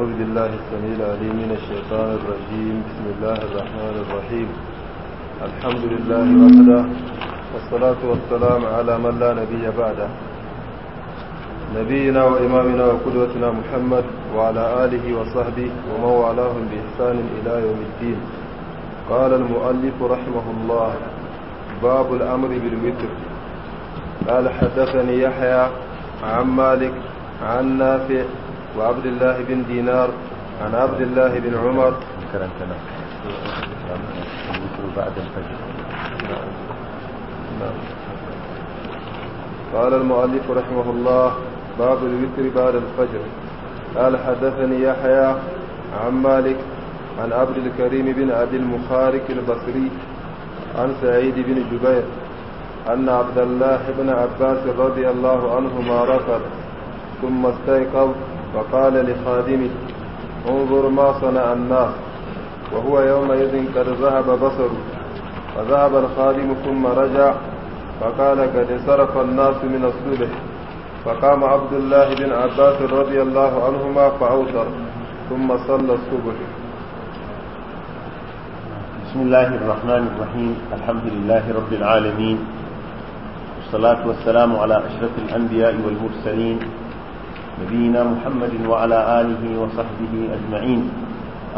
أعوذ بالله السميع العليم من الشيطان الرجيم بسم الله الرحمن الرحيم الحمد لله وحده والصلاة والسلام على من لا نبي بعده نبينا وإمامنا وقدوتنا محمد وعلى آله وصحبه ومن والاهم بإحسان إلى يوم الدين قال المؤلف رحمه الله باب الأمر بالوتر قال حدثني يحيى عن مالك عن نافع وعبد الله بن دينار عن عبد الله بن عمر بعد الفجر نعم قال المؤلف رحمه الله باب الوتر بعد الفجر قال حدثني يحيى عن مالك عن عبد الكريم بن ابي المخارق البصري عن سعيد بن جبير أن عبد الله بن عباس رضي الله عنهما رفض ثم استيقظ فقال لخادمه انظر ما صنع الناس وهو يومئذ قد ذهب بصره فذهب الخادم ثم رجع فقال قد صرف الناس من الصبح فقام عبد الله بن عباس رضي الله عنهما فأوتر ثم صلى الصبح بسم الله الرحمن الرحيم الحمد لله رب العالمين والصلاة والسلام على أشرف الأنبياء والمرسلين نبينا محمد وعلى آله وصحبه أجمعين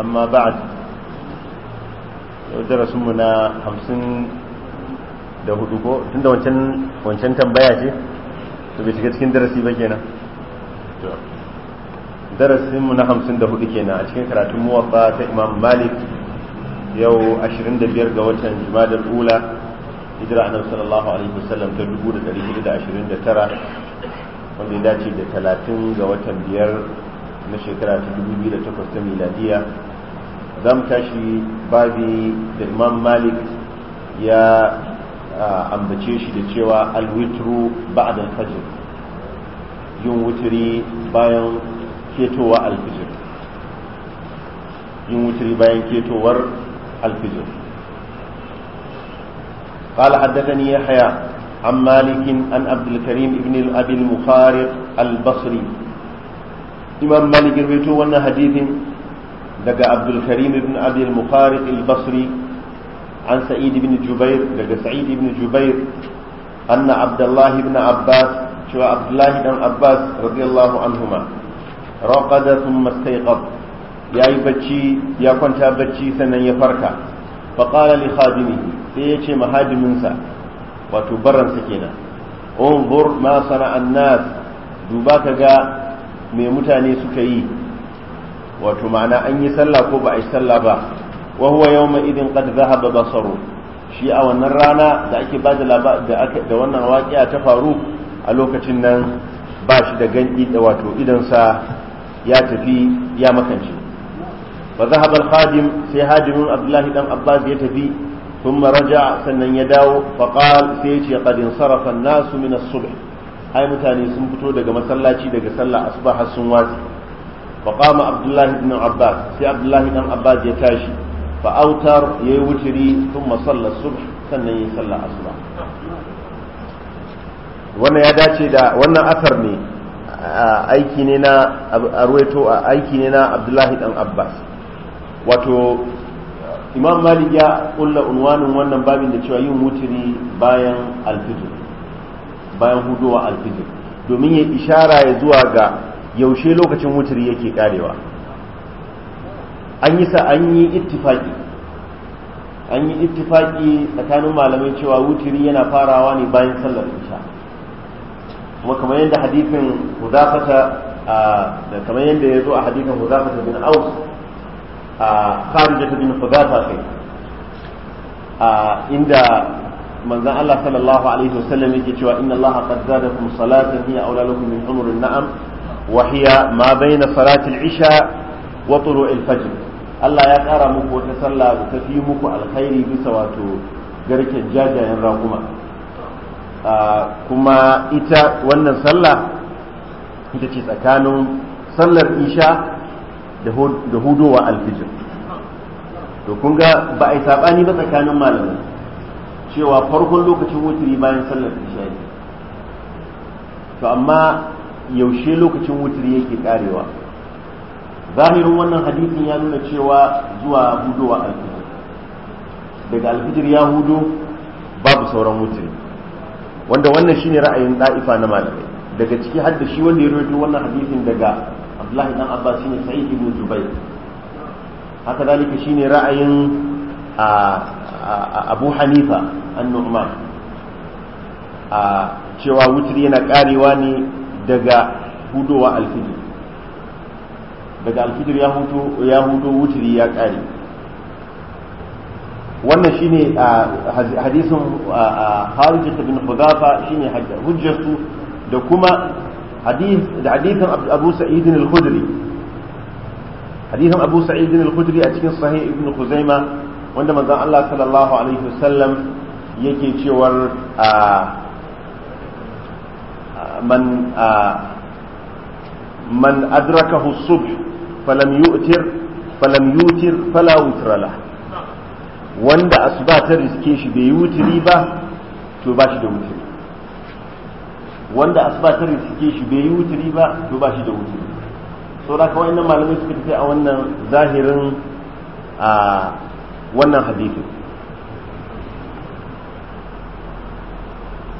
أما ba'a درس منا خمسين da hudu ko tunda wancan wancan tambaya to bai shiga cikin darasi ba kenan to darasin mu na 54 kenan a cikin karatun muwaffa ta Imam Malik yau 25 ga watan Jumadal Ula hijira annabi sallallahu alaihi wasallam ta 1429 wanda ya dace da talatin ga watan biyar na shekara ta dubu da takwas ta miladiya za mu tashi babi da imam malik ya ambace shi da cewa alwitru ba'da fajr yin wuturi bayan ketowa alfijir yin wuturi bayan ketowar alfijir قال حدثني يحيى عن مالك عن عبد الكريم بن أبي المخارق البصري إمام مالك رويته وانا حديث لقى عبد الكريم بن أبي المخارق البصري عن سعيد بن جبير لقى سعيد بن جبير أن عبد الله بن عباس شو عبد الله بن عباس رضي الله عنهما رقد ثم استيقظ يا بچي يا كنت بچي سنن يفركا فقال لخادمه سيجي مهاجم منسى wato baransa sa kenan unzur ma sana'an nas duba ka ga me mutane suka yi wato ma'ana an yi sallah ko ba a yi sallah ba wa huwa yawma idin qad dhahaba basaru shi a wannan rana da ake ba da wannan waƙiya ta faru a lokacin nan ba shi da gani da wato idansa ya tafi ya makance fa dhahaba khadim sai hadimin abdullahi dan abbas ya tafi tun maraja sannan ya dawo faqal sai yace qad insarafa an-nasu min ai mutane sun fito daga masallaci daga sallah asbah sun wasi faqama abdullah ibn abbas sai abdullah ibn abbas ya tashi fa autar yayi wuturi thumma salla as sannan ya salla asbah wannan ya dace da wannan asar ne aiki ne na arwaito aiki ne na abdullahi dan abbas wato imam malik ya kulla unwanin wannan babin da cewa yin mutiri bayan alfijir bayan huduwa alfijir domin ya ishara ya zuwa ga yaushe lokacin mutiri yake karewa an yi an yi ittifaki an yi ittifaki tsakanin malamai cewa wutiri yana farawa ne bayan sallar isha kuma kamar yadda hadithin hudafata kamar yadda ya zo a hadithin hudafata bin aus a da ta bin fugata kai a inda manzan Allah sallallahu alaihi wasallam yake cewa inna Allah qad zadakum salatan hiya awla lakum min umrin na'am wa hiya ma bayna salati al-isha wa tulu'i al-fajr Allah ya kara muku wata sallah da ta fi muku alkhairi bisa wato garken jajayen raguma kuma ita wannan sallah ita ce tsakanin sallar isha da hudowa alfijir to kun ga ba a yi saɓani ba tsakanin malamai cewa farkon lokacin wuturi bayan sallar ne to amma yaushe lokacin wuturi yake karewa zahirin wannan hadisin ya nuna cewa zuwa hudowa alfijir daga alfijir ya hudo babu sauran wuturi wanda wannan shine ra'ayin da'ifa na malamai daga ciki har shi wanda ya rubuta wannan hadisin daga Abdullah ibn abbas shine sa'id ibn zubair haka zalika shine ra'ayin abu hanifa an-nu'man cewa wutri yana karewa ne daga hudowa alfijir daga alfijir ya hudo ya hudo wutri ya kare wannan shine hadisin Khalid bin Hudhafa shine hujjarsu da kuma hadith da hadithin abu sa'id al-khudri hadithin abu sa'id al-khudri a cikin sahih ibn khuzaima wanda manzon Allah sallallahu alaihi wasallam yake cewar a man man adrakahu as-subh falam wanda asuba ta riske shi bai yi wutiri ba to ba shi da wutiri wanda asibatar da suke shi bai yi wuturi ba to ba shi da wuturi so da kawai nan malamai suka tafi a wannan zahirin a wannan hadithin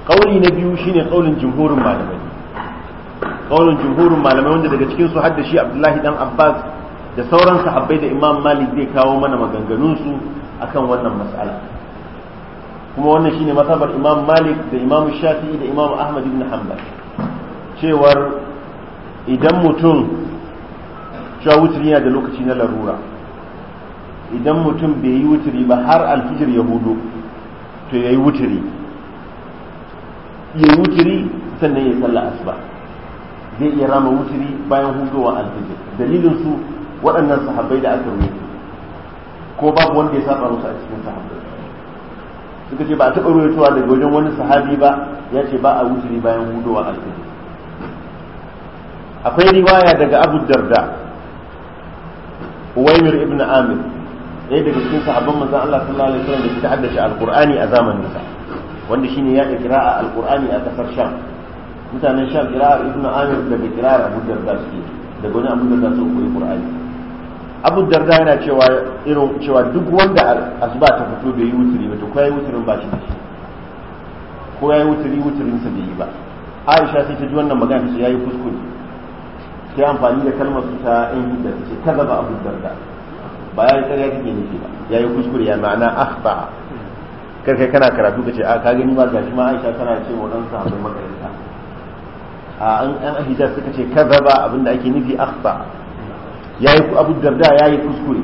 kauli na biyu shine kaulin jumhurin malamai kaulin jumhurin malamai wanda daga cikin su hadda shi abdullahi dan abbas da sauran sahabbai da imam malik zai kawo mana maganganun su akan wannan mas'ala kuma wannan shine masabar imam malik da imam shafi'i da imam ahmad ibn hanbal cewar idan mutum cewa wuturi yana da lokaci na larura idan mutum bai yi wuturi ba har alfijir ya hudu to ya yi wuturi ya yi wuturi sannan ya sallah asuba zai iya rama wuturi bayan hudowa alfijir dalilin su waɗannan sahabbai da aka rubuta ko babu wanda ya saba musu a cikin sahabbai suka ce ba a taɓa ruwaitowa daga wajen wani sahabi ba ya ce ba a wuce bayan hudowa alfajir akwai riwaya daga abu darda uwaimir ibn amir ɗaya daga cikin sahabban manzon Allah sallallahu alaihi wasallam da suka haddace alqur'ani a zamanin sa wanda shine ya da qira'a alqur'ani a kasar sham mutanen sham qira'a ibn amir daga a abu darda suke daga wani abu darda su koyi qur'ani abu darda yana cewa irin cewa duk wanda asuba ta fito bai yi wuturi ba to ko yayi wuturin ba shi ne ko yayi wuturi wuturin sa bai yi ba aisha sai ta ji wannan magana ta yayi kuskure sai amfani da kalmar su ta in hidda ta ce kaza ba abu darda ba yayi tsariya kake ne ba yayi kuskure ya ma'ana akhta kar kai kana karatu kace a ka gani ba gashi ma aisha tana ce wa dan sahabbai makaranta a an an hijab suka ce kaza ba abinda ake nufi akhta yayi abu darda yi kuskure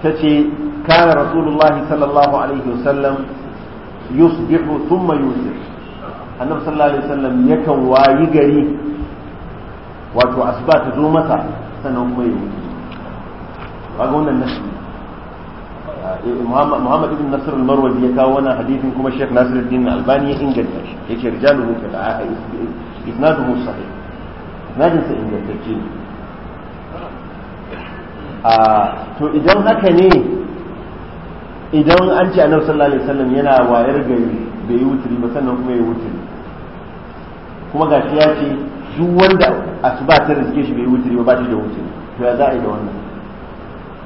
ta tace kana rasulullahi sallallahu alaihi wasallam yusbihu thumma yusir annabi sallallahu alaihi wasallam yakan wayi gari wato asuba ta zo masa sannan kuma ya ba kaga wannan nasu eh, Muhammad ibn Nasir al-Marwazi ya kawo wannan hadithin kuma Sheikh Nasiruddin Albani ya inganta shi yace rijaluhu kada'a isnaduhu sahih nadin sa ingantacce ne to idan haka ne idan an ce annabi sallallahu alaihi wasallam yana wayar gari bai yi wuturi ba sannan kuma ya wuturi kuma ga ya ce duk wanda asuba ta riske shi bai yi wuturi ba ba shi da wuturi to ya za a yi da wannan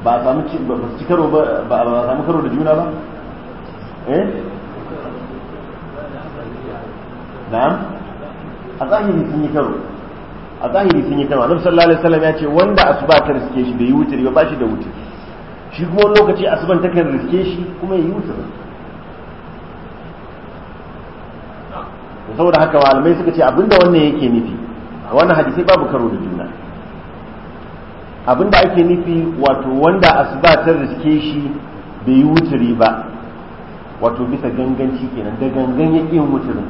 ba a samu ba su karo ba ba a samu karo da juna ba eh na'am a zahiri sun yi karo a zahiri sun yi kama annabi sallallahu alaihi wasallam ya ce wanda asuba ta riske shi bai yi wuturi ba shi da wuturi shi kuma wani lokaci asuban ta kan riske shi kuma ya yi da saboda haka malamai suka ce abinda wannan yake nufi a wannan hadisai babu karo da juna abinda ake nufi wato wanda asuba ta riske shi bai yi wuturi ba wato bisa ganganci kenan da gangan ya ƙin wuturin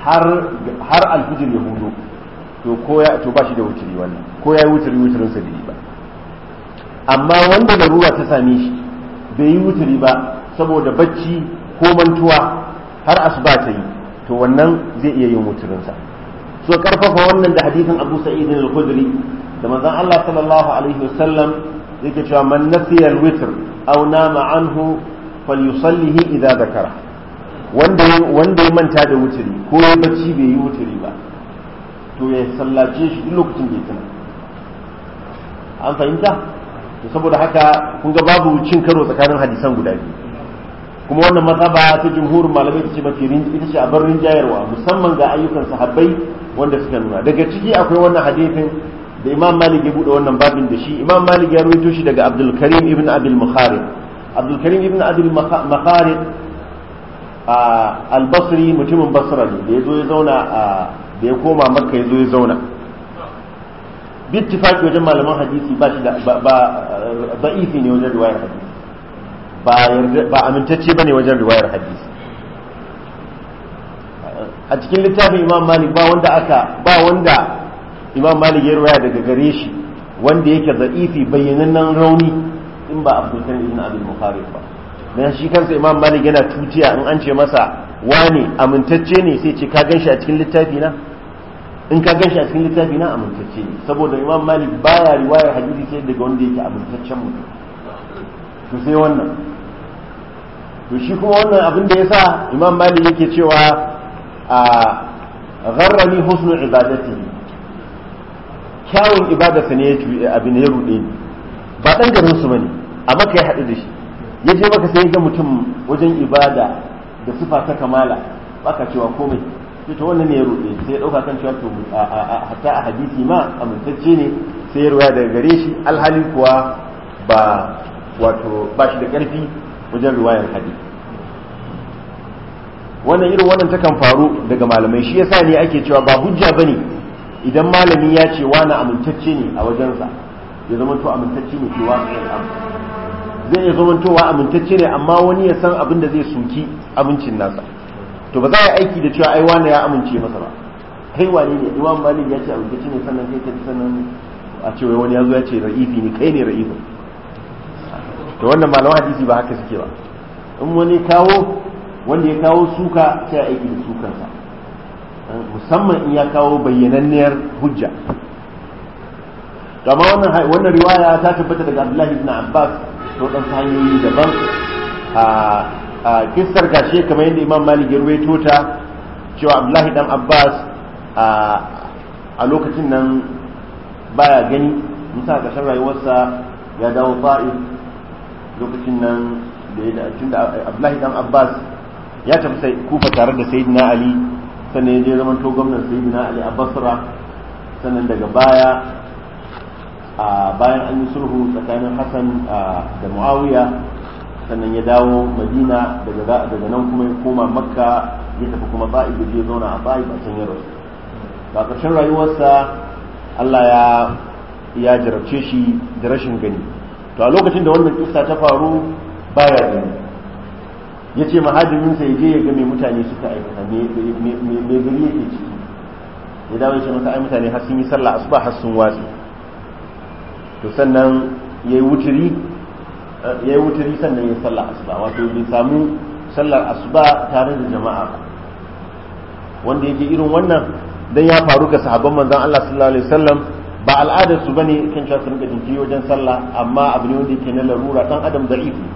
har alfijir ya hudu to ko ya to ba shi da wuturi wannan ko ya yi wuturi wuturin sa bai ba amma wanda larura ta same shi bai yi wuturi ba saboda bacci ko mantuwa har asuba ta yi to wannan zai iya yin wuturin sa so karfafa wannan da hadisin Abu Sa'id al-Khudri da manzon Allah sallallahu alaihi wasallam yake cewa man nasiya al-witr aw nama anhu falyusallihi idza dhakara wanda wanda ya manta da wuturi ko bacci bai yi wuturi ba to ya sallace shi duk lokacin da ya tuna an fahimta to saboda haka kun ga babu cin karo tsakanin hadisan guda biyu kuma wannan mazhaba ta jumhurin malamai ta ce mafi ita ce a bar rinjayarwa musamman ga ayyukan sahabbai wanda suka nuna daga ciki akwai wannan hadisin da imam malik ya bude wannan babin da shi imam malik ya rubuto shi daga abdul karim ibn abil makharib abdul karim ibn abil makharib al-basri mutumin basra ne da ya zo ya zauna a da ya koma makka ya zo ya zauna bittifaki wajen malaman hadisi ba shi da ifi ne wajen riwayar hadisi ba amintacce ba ne wajen riwayar hadisi a cikin littafin imam malik ba wanda aka ba wanda imam malik ya riwaya daga gare shi wanda yake za'ifi bayyanannen rauni in ba abdul karim ibn abdul mukharib ba dan shi kansa imam malik yana tutiya in an ce masa Wani amintacce ne sai ce ka ganshi a cikin littafi na in ka ganshi a cikin littafi na amintacce ne saboda imam malik baya riwayar hadisi sai daga wanda yake amintaccen mutum to sai wannan to shi kuma wannan abin da yasa imam malik yake cewa a gharrani husnu ibadati kyawun ibadarsa ne ya abin ya rude ni ba dan garin su bane amma kai hadu haɗu da shi yaje maka sai ga mutum wajen ibada da sufa ta kamala baka cewa komai sai to wannan ne ya rude sai ya dauka kan cewa to hatta a hadisi ma amintacce ne sai ya ruwa daga gare shi alhali kuwa ba wato ba shi da karfi wajen ruwayar hadisi wannan irin wannan takan faru daga malamai shi yasa ne ake cewa ba hujja bane idan malami ya ce wani amintacce ne a wajensa ya zama to amintacce ne ke wasu zai iya zamantowa amintacce ne amma wani ya san abin da zai suki amincin nasa to ba za a aiki da cewa ai wani ya amince masa ba kai wane ne imam malik ya ce amintacce ne sannan ta kaji sannan a ce wani ya zo ya ce ra'ifi ne kai ne ra'ifi. to wannan malaman hadisi ba haka suke ba in wani kawo wanda ya kawo suka sai aiki da sukansa musamman in ya kawo bayyananniyar hujja amma wannan riwaya ta tabbata daga abdullahi ibn abbas wadan hanyoyi daban a kissar gashi kamar yadda imam malik ya ruwaito ta cewa abdullahi dan abbas a lokacin nan baya gani musa a ƙarshen rayuwarsa ya dawo fa'i lokacin nan da ya da abdullahi dan abbas ya tafi kufa tare da sayyidina ali sannan ya je zaman to gwamnan sayyidina ali a basra sannan daga baya bayan an yi sulhu tsakanin hassan da muawiya sannan ya dawo madina daga nan kuma ya koma makka ya tafi kuma ta'ib ya zauna a ta'ib a can ya rasu ba ƙarshen rayuwarsa allah ya ya jarabce shi da rashin gani to a lokacin da wannan kisa ta faru baya gani ya ce mahadiminsa ya je ya ga mai mutane suka aikata mai gari yake ciki ya dawo ya ce mutane har sun yi sallah asuba har sun watsi to sannan yayi wuturi wuturi sannan ya sallar asuba wato bai samu sallar asuba tare da jama'a wanda yake irin wannan don ya faru ga sahabban manzan Allah sallallahu alaihi wasallam ba al'adar su bane kan cewa su rinka wajen sallah amma abu ne wanda yake na larura dan adam da'ifi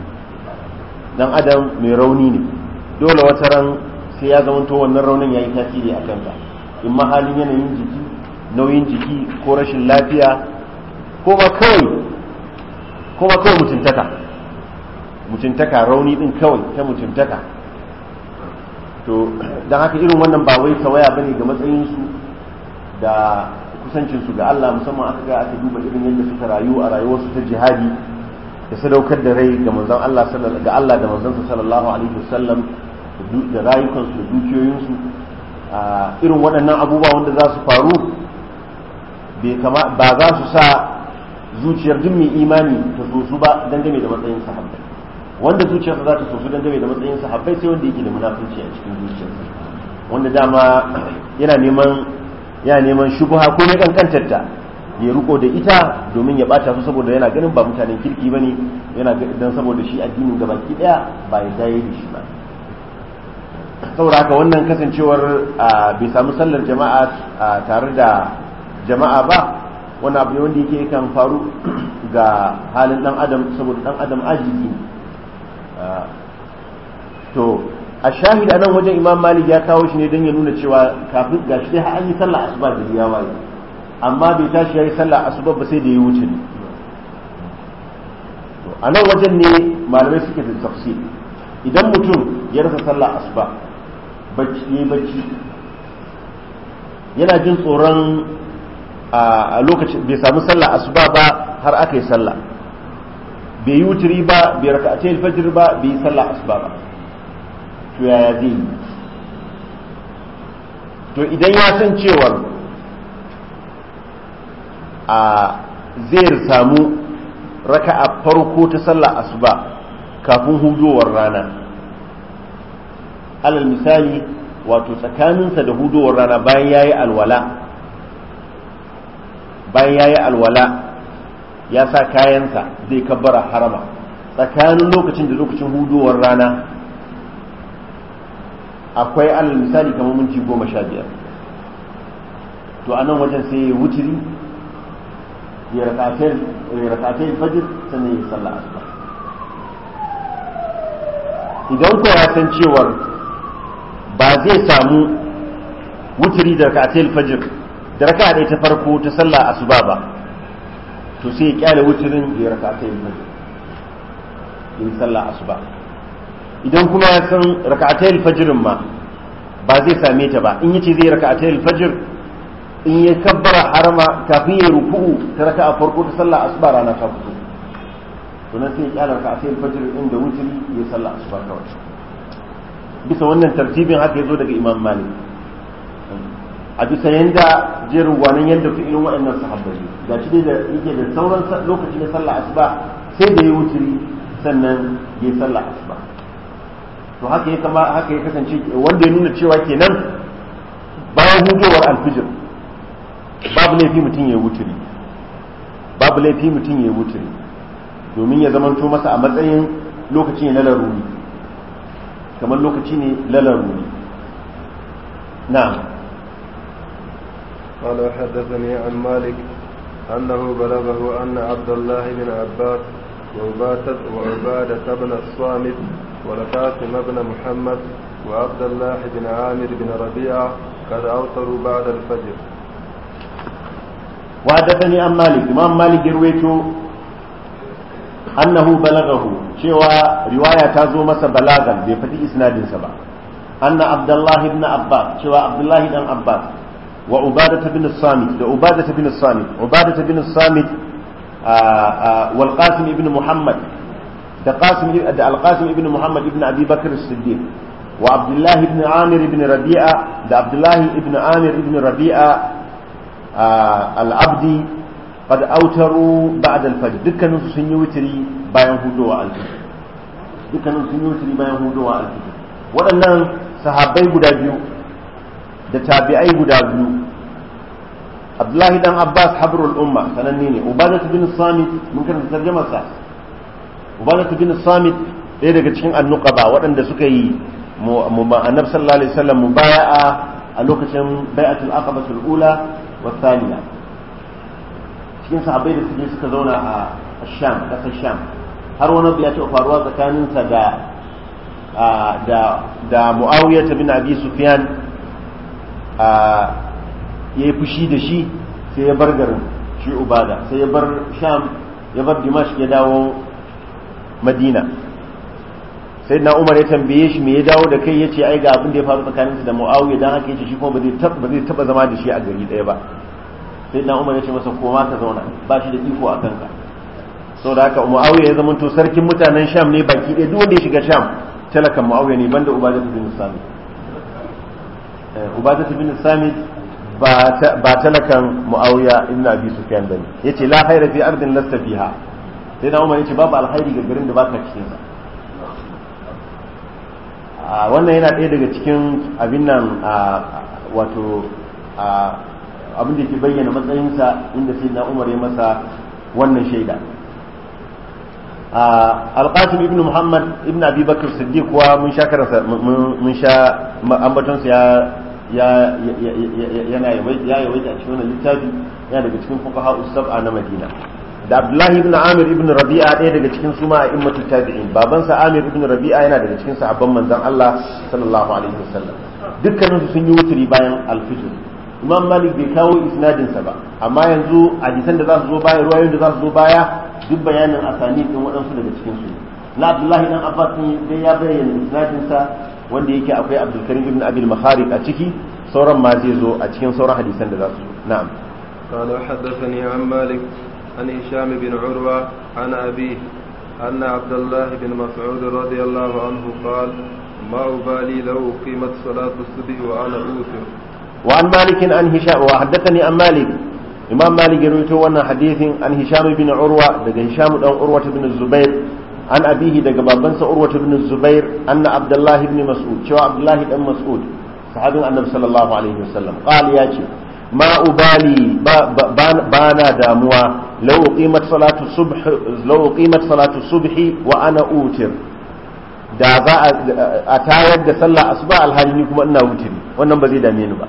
dan adam mai rauni ne dole wata ran sai ya zamanto wannan raunin ya yi tasiri a kansa in mahalin yanayin jiki nauyin jiki ko rashin lafiya kuma kawai kuma kawai mutuntaka mutuntaka rauni din kawai ta mutuntaka to don haka irin wannan ba wai tawaya bane ga matsayinsu da kusancinsu ga Allah musamman aka ga aka duba irin yadda suka rayu a rayuwarsu ta jihadi da sadaukar da rai ga manzon Allah ga Allah da manzon sallallahu alaihi wasallam da rayukansu da dukiyoyinsu irin waɗannan abubuwa wanda za su faru ba za su sa zuciyar duk mai imani ta sosu ba dangane da matsayin sahabbai wanda zuciyarsa za ta sosu dangane da matsayin sahabbai sai wanda yake da munafunci a cikin zuciyar wanda dama yana neman yana neman shubuha ko ne kankantar ta ya riko da ita domin ya bata su saboda yana ganin ba mutanen kirki ba ne, yana dan saboda shi addinin gabaki daya ba ya zaye da shi ba saboda haka wannan kasancewar bai samu sallar jama'a tare da jama'a ba wani abu ne wanda yake kan faru ga halin dan adam saboda dan adam ajizi ah, to a shahida nan wajen imam malik ya kawo shi ne don ya nuna cewa kafin ga shi an yi sallah asuba da ya waye amma bai tashi ya yi sallah asuba ba sai da ya wuce ne a nan wajen ne malamai suke da tafsir idan mutum ya rasa sallah asuba bacci ne bacci yana jin tsoron a lokaci bai samu sallah asuba ba har aka yi sallah bai yi wuturi ba bai raka a cikin fajir ba bai yi sallah asuba ba to yaya zai yi to idan ya san cewar a zai samu a farko ta sallah asuba kafin hudowar rana alal misali wato tsakaninsa da hudowar rana bayan ya yi alwala bayan ya yi alwala ya sa kayansa zai kabbara harama tsakanin lokacin da lokacin hudowar rana akwai alal misali kamar minti goma sha biyar to a nan wajen sai ya wuturi ya rakatai fajir sannan ya sallah asuba idan ku ya san cewar ba zai samu wuturi da rakatai fajir da raka ne ta farko ta sallah asuba ba to sai ya kyale wucirin ya raka ta yin fajr yin sallah asuba idan kuma ya san raka raka'atayil fajrin ma ba zai same ta ba in yace zai raka raka'atayil fajr in ya kabbara harama kafin ya ruku'u ta raka a farko ta sallah asuba rana ta fito to nan sai ya kyale fajir fajr inda wutiri ya sallah asuba kawai bisa wannan tartibin haka ya zo daga imam malik a bisa yanda jerin gwanan yanda fi'ilin waɗannan sahabbai ga shi dai da yake da sauran lokaci na sallah asuba sai da ya wuturi sannan ya yi sallah asuba to haka ya kama haka ya kasance wanda ya nuna cewa kenan bayan hudowar alfijir babu laifi mutum ya wuturi babu laifi mutum ya wuturi domin ya zamanto masa a matsayin lokaci ne lalaruni kamar lokaci ne na na'am قال حدثني عن مالك أنه بلغه أن عبد الله بن عباس وعبادة, وعبادة بن الصامت ولقاسم بن محمد وعبد الله بن عامر بن ربيعة قد أوتروا بعد الفجر وحدثني عن مالك إمام مالك رويته أنه بلغه شوى رواية تازو مس بلاغا بفتي إسناد سبع أن عبد الله بن عباس شوى عبد الله بن عباس wa bin samit da ubadata bin samit ubadata bin ibn muhammad da qasim ibn muhammad ibn abi bakr as-siddiq ibn amir ibn rabi'a da abdullahi ibn amir ibn rabi'a al ba'da al-fajr dukkanin su sun yi wuturi bayan sun yi bayan waɗannan sahabbai guda biyu da tabi'ai guda biyu abdullahi dan abbas habrul umma sananne ne ubadatu bin samit mun karanta tarjumar sa ubadatu bin samit ɗaya daga cikin annuqaba waɗanda suka yi mu annab sallallahu alaihi wasallam mubaya'a a lokacin bai'atul aqaba ula wa thaniya cikin sahabbai da suke suka zauna a sham kasar sham har wani abu ta faruwa tsakaninsa da da da muawiya bin abi sufyan ya yi fushi da shi sai ya bar garin shi ubada sai ya bar sham ya bar dimash ya dawo madina sai na umar ya tambaye shi me ya dawo da kai ya ce ai ga abin da ya faru tsakaninsa da mu'awiyya dan haka yace shi kuma ba zai taba zama da shi a gari daya ba sai na umar ya ce masa koma ka zauna ba shi da iko a kanka saboda haka mu'awiyya ya zama to sarkin mutanen sham ne baki ɗaya duk wanda ya shiga sham talakan mu'awiyya ne banda ubada bin sami Eh, ubata bin samit ba talakan muawiya ibn abi sufyan bane yace la khaira fi ardin lasta fiha sai na umar yace babu alkhairi ga garin da baka cikin sa wannan yana ɗaya daga cikin abin nan wato abin da ke bayyana matsayinsa inda sai na umar ya masa wannan shaida alqasim Ibnu muhammad Ibnu abi bakr siddiq kuwa mun sha karansa mun sha ambaton ya ya yana ya yawaita a cikin wannan littafi ya daga cikin fuqaha usab'a na madina da abdullahi Ibnu amir Ibnu rabi'a ɗaya daga cikin suma a immatu tabi'in babansa amir Ibnu rabi'a yana daga cikin sahabban manzon Allah sallallahu alaihi wasallam dukkaninsu sun yi wuturi bayan alfijir imam malik bai kawo isnadinsa ba amma yanzu hadisan da za su zo baya ruwayoyin da za su zo baya duk bayanin asani din waɗansu daga cikin su na abdullahi dan abbas ne dai ya bayyana isnadinsa wanda yake akwai abdul karim ibn abil makhariq a ciki sauran ma zai zo a cikin sauran hadisan da za su na'am قال وحدثني عن مالك عن هشام بن عروة عن أبيه أن عبد الله بن مسعود رضي الله عنه قال ما أبالي لو أقيمت صلاة الصبح وأنا أوتر وعن مالك عن هشام وحدثني عن مالك إمام مالك رويته وانا حديث عن هشام بن عروة دقى هشام بن عروة بن الزبير عن أبيه دقى بابنس عروة بن الزبير أن عبد الله بن مسعود شو عبد الله بن مسعود صحابي النبي صلى الله عليه وسلم قال ياتي ما أبالي با با بانا داموا لو قيمت صلاة الصبح لو قيمت صلاة الصبح وأنا أوتر da za a tayar da sallah asuba alhali ni kuma ina wutiri wannan ba zai dame ni ba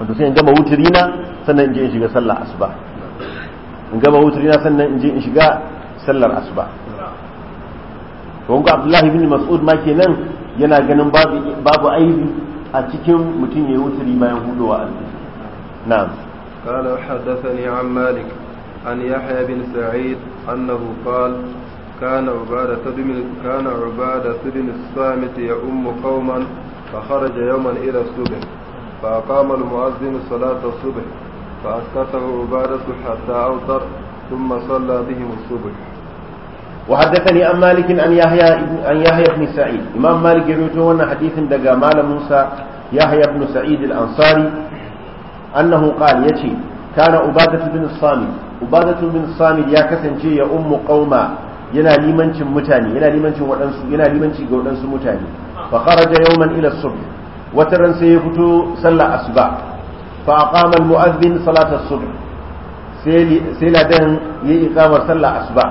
wato sai in gama wuturi na sannan in je in shiga sallar asuba in gama wuturi na sannan in je in shiga sallar asuba wanda abdullahi bin mas'ud ma kenan yana ganin babu babu aibi a cikin mutum yayi wuturi bayan hudowa alfi na'am قال حدثني عن مالك عن يحيى بن سعيد أنه قال كان عبادة بن كان عبادة بن الصامت يؤم قوما فخرج يوما إلى السبع فأقام المؤذن صلاة الصبح فأسكته عبادة حتى أوتر ثم صلى بهم الصبح وحدثني عن مالك عن يحيى عن يحيى بن سعيد امام مالك يروي حديث دغا مال موسى يحيى بن سعيد الانصاري انه قال يتي كان عبادة بن الصامت عبادة بن الصامت يا كسنجي يا ام قوما yana limancin mutane yana limancin waɗansu yana limanci ga waɗansu mutane fa kharaja yawman ila subh wata ran sai ya fito sallar asuba fa aqama almu'adhdhin muadhdhin salatar subh sai ladan yi iqamar sallar asuba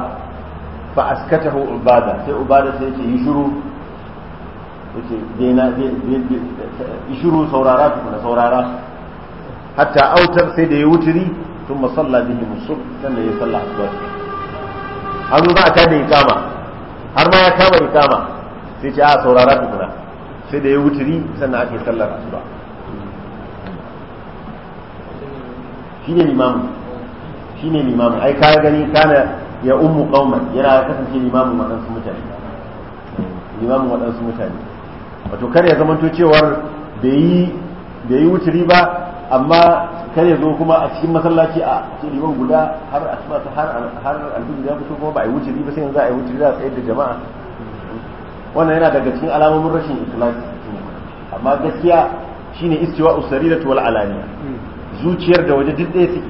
fa askatahu ubada sai ubada sai yace yi shiru yace daina yi shiru saurara ku da saurara hatta autar sai da ya wuturi tun masalla bihi musul sannan ya sallah asuba an zo za a tada iqama har ma ya kama iqama sai ce a saurara ku sai da ya wuturi sannan ake sallar asuba shine limamu shine limamu ai ka gani kana ya ummu qauman yana kasance limamu waɗansu mutane limamu waɗansu mutane wato kar ya zamanto cewar bai yi wuturi ba amma kar ya zo kuma a cikin masallaci a cikin liman guda har asuba har har alfijir ya fito kuma ba a yi wuturi ba sai yanzu a yi wuturi za a tsayar da jama'a wannan yana daga cikin alamomin rashin ikhlas amma gaskiya shine istiwa da wal alani zuciyar da waje duk ɗaya suke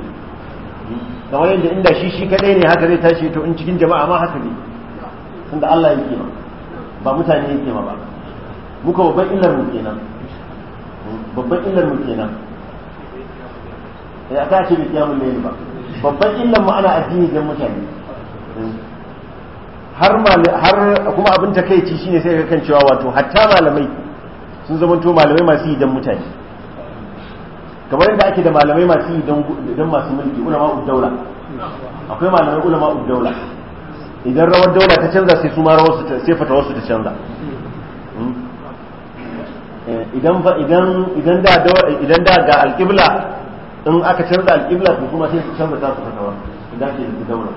kamar yadda inda shi shi kadai ne haka zai tashi to in cikin jama'a ma haka ne tunda Allah yake ma ba mutane yake ma ba muka babban illar mu kenan babban illar mu kenan ya eh ta ce bi kiyamul ne ba babban illar mu ana addini dan mutane har kuma abin ta shi ne sai kan cewa wato hatta malamai sun zama to malamai masu yi dan mutane kamar yadda ake da malamai masu yi dan masu mulki ulama uddaula akwai malamai ulama uddaula idan rawar daula ta canza sai su ma rawar su sai fatawar su ta canza hmm? eh, idan idan idan da idan da ga alqibla in aka canza alqibla to kuma sai su canza ta su fatawa idan ke da daula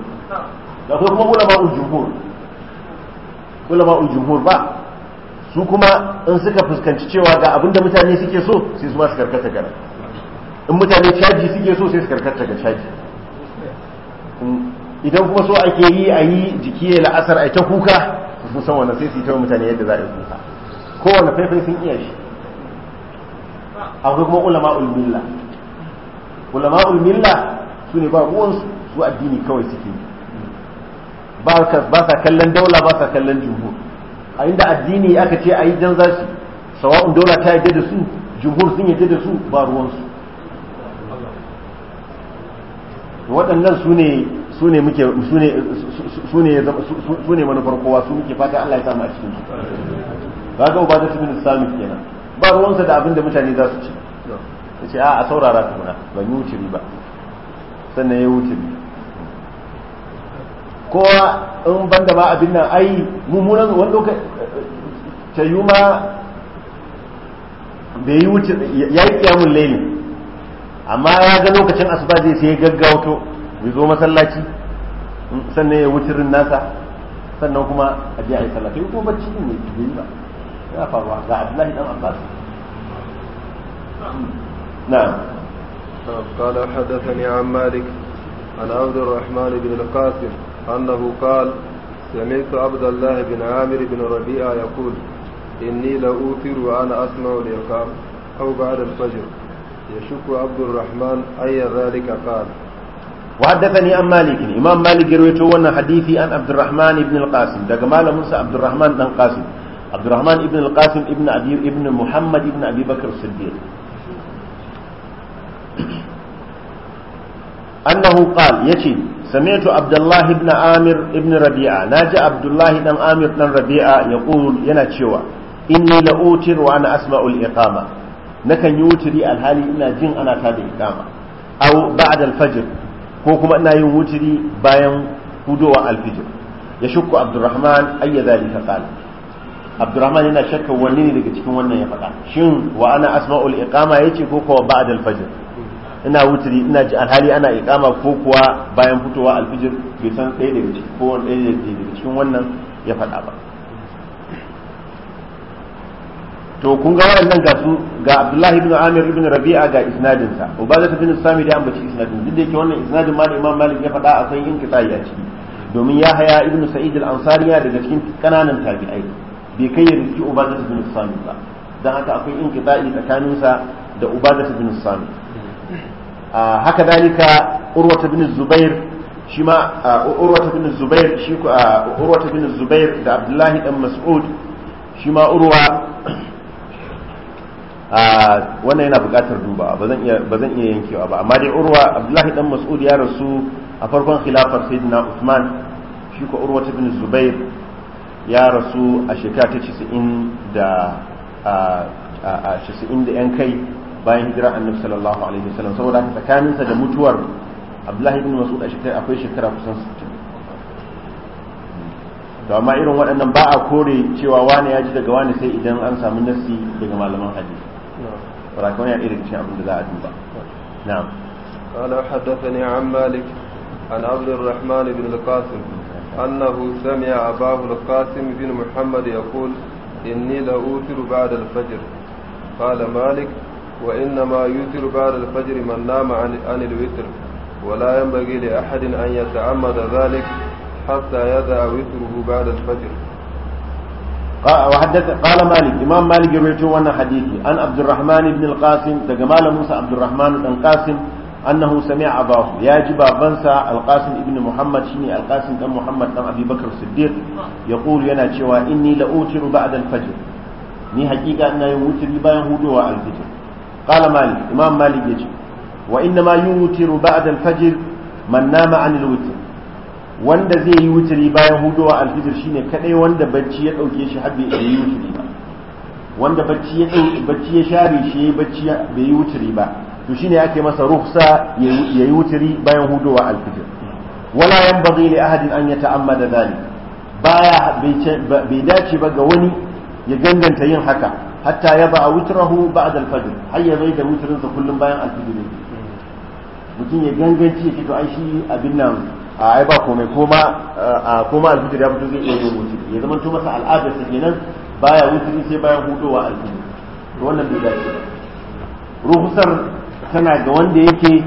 da kuma ulama ul jumhur ulama jumhur ba su kuma in suka fuskanci cewa ga abin da mutane suke so sai su ma su karkata gara in mutane caji suke so sai su karkata ga caji idan kuma so ake yi a yi jiki ya la'asar a ta kuka sun san wannan sai su yi ta mutane yadda za a yi kuka kowane faifai sun iya shi akwai kuma ulama ulmilla ulama ulmilla su ne ba ruwansu su addini kawai suke yi ba sa kallon daula ba sa kallon jumhur a inda addini aka ce a yi jan zashi sawa'un daula ta yadda da su jumhur sun yadda da su ba ruwansu waɗannan su ne su ne muke su ne su ne su ne manufar kowa su muke fata Allah ya samu a cikin su kaga uba su tibin samit kenan ba ruwansa da abin da mutane za su ci yace a a saurara tukuna ban yi wuce ba sannan ya wuce kowa in ban da ma abin nan ai mummunan wani lokaci ta yi ma bai yi wuce ya yi kiyamun laili amma ya ga lokacin asuba zai sai gaggawato bai zo masallaci sannan ya wuce rin nasa sannan kuma a biya a yi sallaci sai kuma bacci ne bai yi ba ya faruwa ga abdullahi dan abbas نعم قال حدثني عن مالك عن عبد الرحمن بن القاسم أنه قال سمعت عبد الله بن عامر بن ربيعة يقول إني لأوتر وأنا أسمع الإقام أو بعد الفجر يشك عبد الرحمن أي ذلك قال وحدثني عن مالك الإمام مالك رويته وانا حديثي عن عبد الرحمن بن القاسم ده جمال موسى عبد الرحمن بن القاسم عبد الرحمن بن القاسم ابن أبي ابن محمد ابن أبي بكر الصديق أنه قال يتي سمعت عبد الله بن عامر ابن ربيعة ناجى عبد الله بن عامر بن ربيعة يقول يناتشوا إني لأوتر وأنا أسمع الإقامة نكن يوتري الحالي إن جن أنا تاد إقامة أو بعد الفجر كوكما أنا يوتري باين هدوء الفجر يشك عبد الرحمن أي ذلك قال عبد الرحمن yana shakka wanne ne daga cikin wannan ya faɗa shin wa ana asma'ul iqama yace ko ko ba'da al-fajr ina wuturi ina ji alhali ana iqama ko kuwa bayan fitowa alfijir bai san ɗaya daga cikin ko wani ɗaya daga cikin wannan ya faɗa ba to kun ga waɗannan ga su ga Abdullahi ibn Amir ibn Rabi'a ga isnadin sa Ubadah bin Sami da ambaci isnadin duk da yake wannan isnadin ma da Imam Malik ya faɗa akwai yin kitabi a ciki domin ya haya ibn Sa'id al-Ansari ya daga cikin kananan tabi'ai bai kai ya riki Ubadah bin Sami ba dan haka akwai yin kitabi tsakanin sa da Ubadah bin Sami haka dalika urwata bin zubair shi ma urwata bin zubair shi urwata bin zubair da abdullahi dan mas'ud shi ma urwa wannan yana buƙatar duba ba zan iya iya yankewa ba amma dai urwa abdullahi dan mas'ud ya rasu a farkon khilafar sayyidina usman shi ko urwa bin zubair ya rasu a shekara ta 90 da a 90 da yan kai bayan hijira annabi sallallahu alaihi wasallam saboda haka tsakaninsa da mutuwar abdullahi ibn mas'ud a shekara akwai shekara kusan 60 to amma irin waɗannan ba a kore cewa wani ya ji daga wani sai idan an samu nasi daga malaman hadisi saboda kuma ya irin cikin abin da za a duba na'am قال حدثني عن مالك عن عبد الرحمن بن القاسم أنه سمع أباه القاسم بن محمد يقول إني لأوتر بعد الفجر قال مالك وإنما يوتر بعد الفجر من نام عن الوتر ولا ينبغي لأحد أن يتعمد ذلك حتى يدع وتره بعد الفجر وحدث قال مالك إمام مالك يروي وانا حديثي عن عبد الرحمن بن القاسم دجمال موسى عبد الرحمن بن القاسم أنه سمع أباه يجب بنسى القاسم ابن محمد شني القاسم بن محمد بن أبي بكر الصديق يقول ينا شوى إني لأوتر بعد الفجر ni hakika ina yin wuturi bayan hudowa alfijir qala malik imam malik yace wa inna ma yutiru ba'da al-fajr manna ma an wanda zai yi wuturi bayan hudowa alfijir shine kadai wanda bacci ya dauke shi har bai yi wuturi ba wanda bacci ya bacci ya share shi bacci bai yi wuturi ba to shine ake masa ruhsa yayi wuturi bayan hudowa alfijir wala yanbaghi li ahadin an yata'ammada dhalik baya bai dace ba ga wani ya ganganta yin haka hatta ya ba wutrahu ba'da al-fajr har ya zai da wutrinsa kullum bayan al-fajr mutum ya ganganci ya fito ai shi abin nan ai ba komai koma koma al-fajr ya fito zai iya yin wutri ya zama to masa al'adar sa kenan baya wutri sai bayan hudowa al-fajr to wannan bai dace ruhusar tana ga wanda yake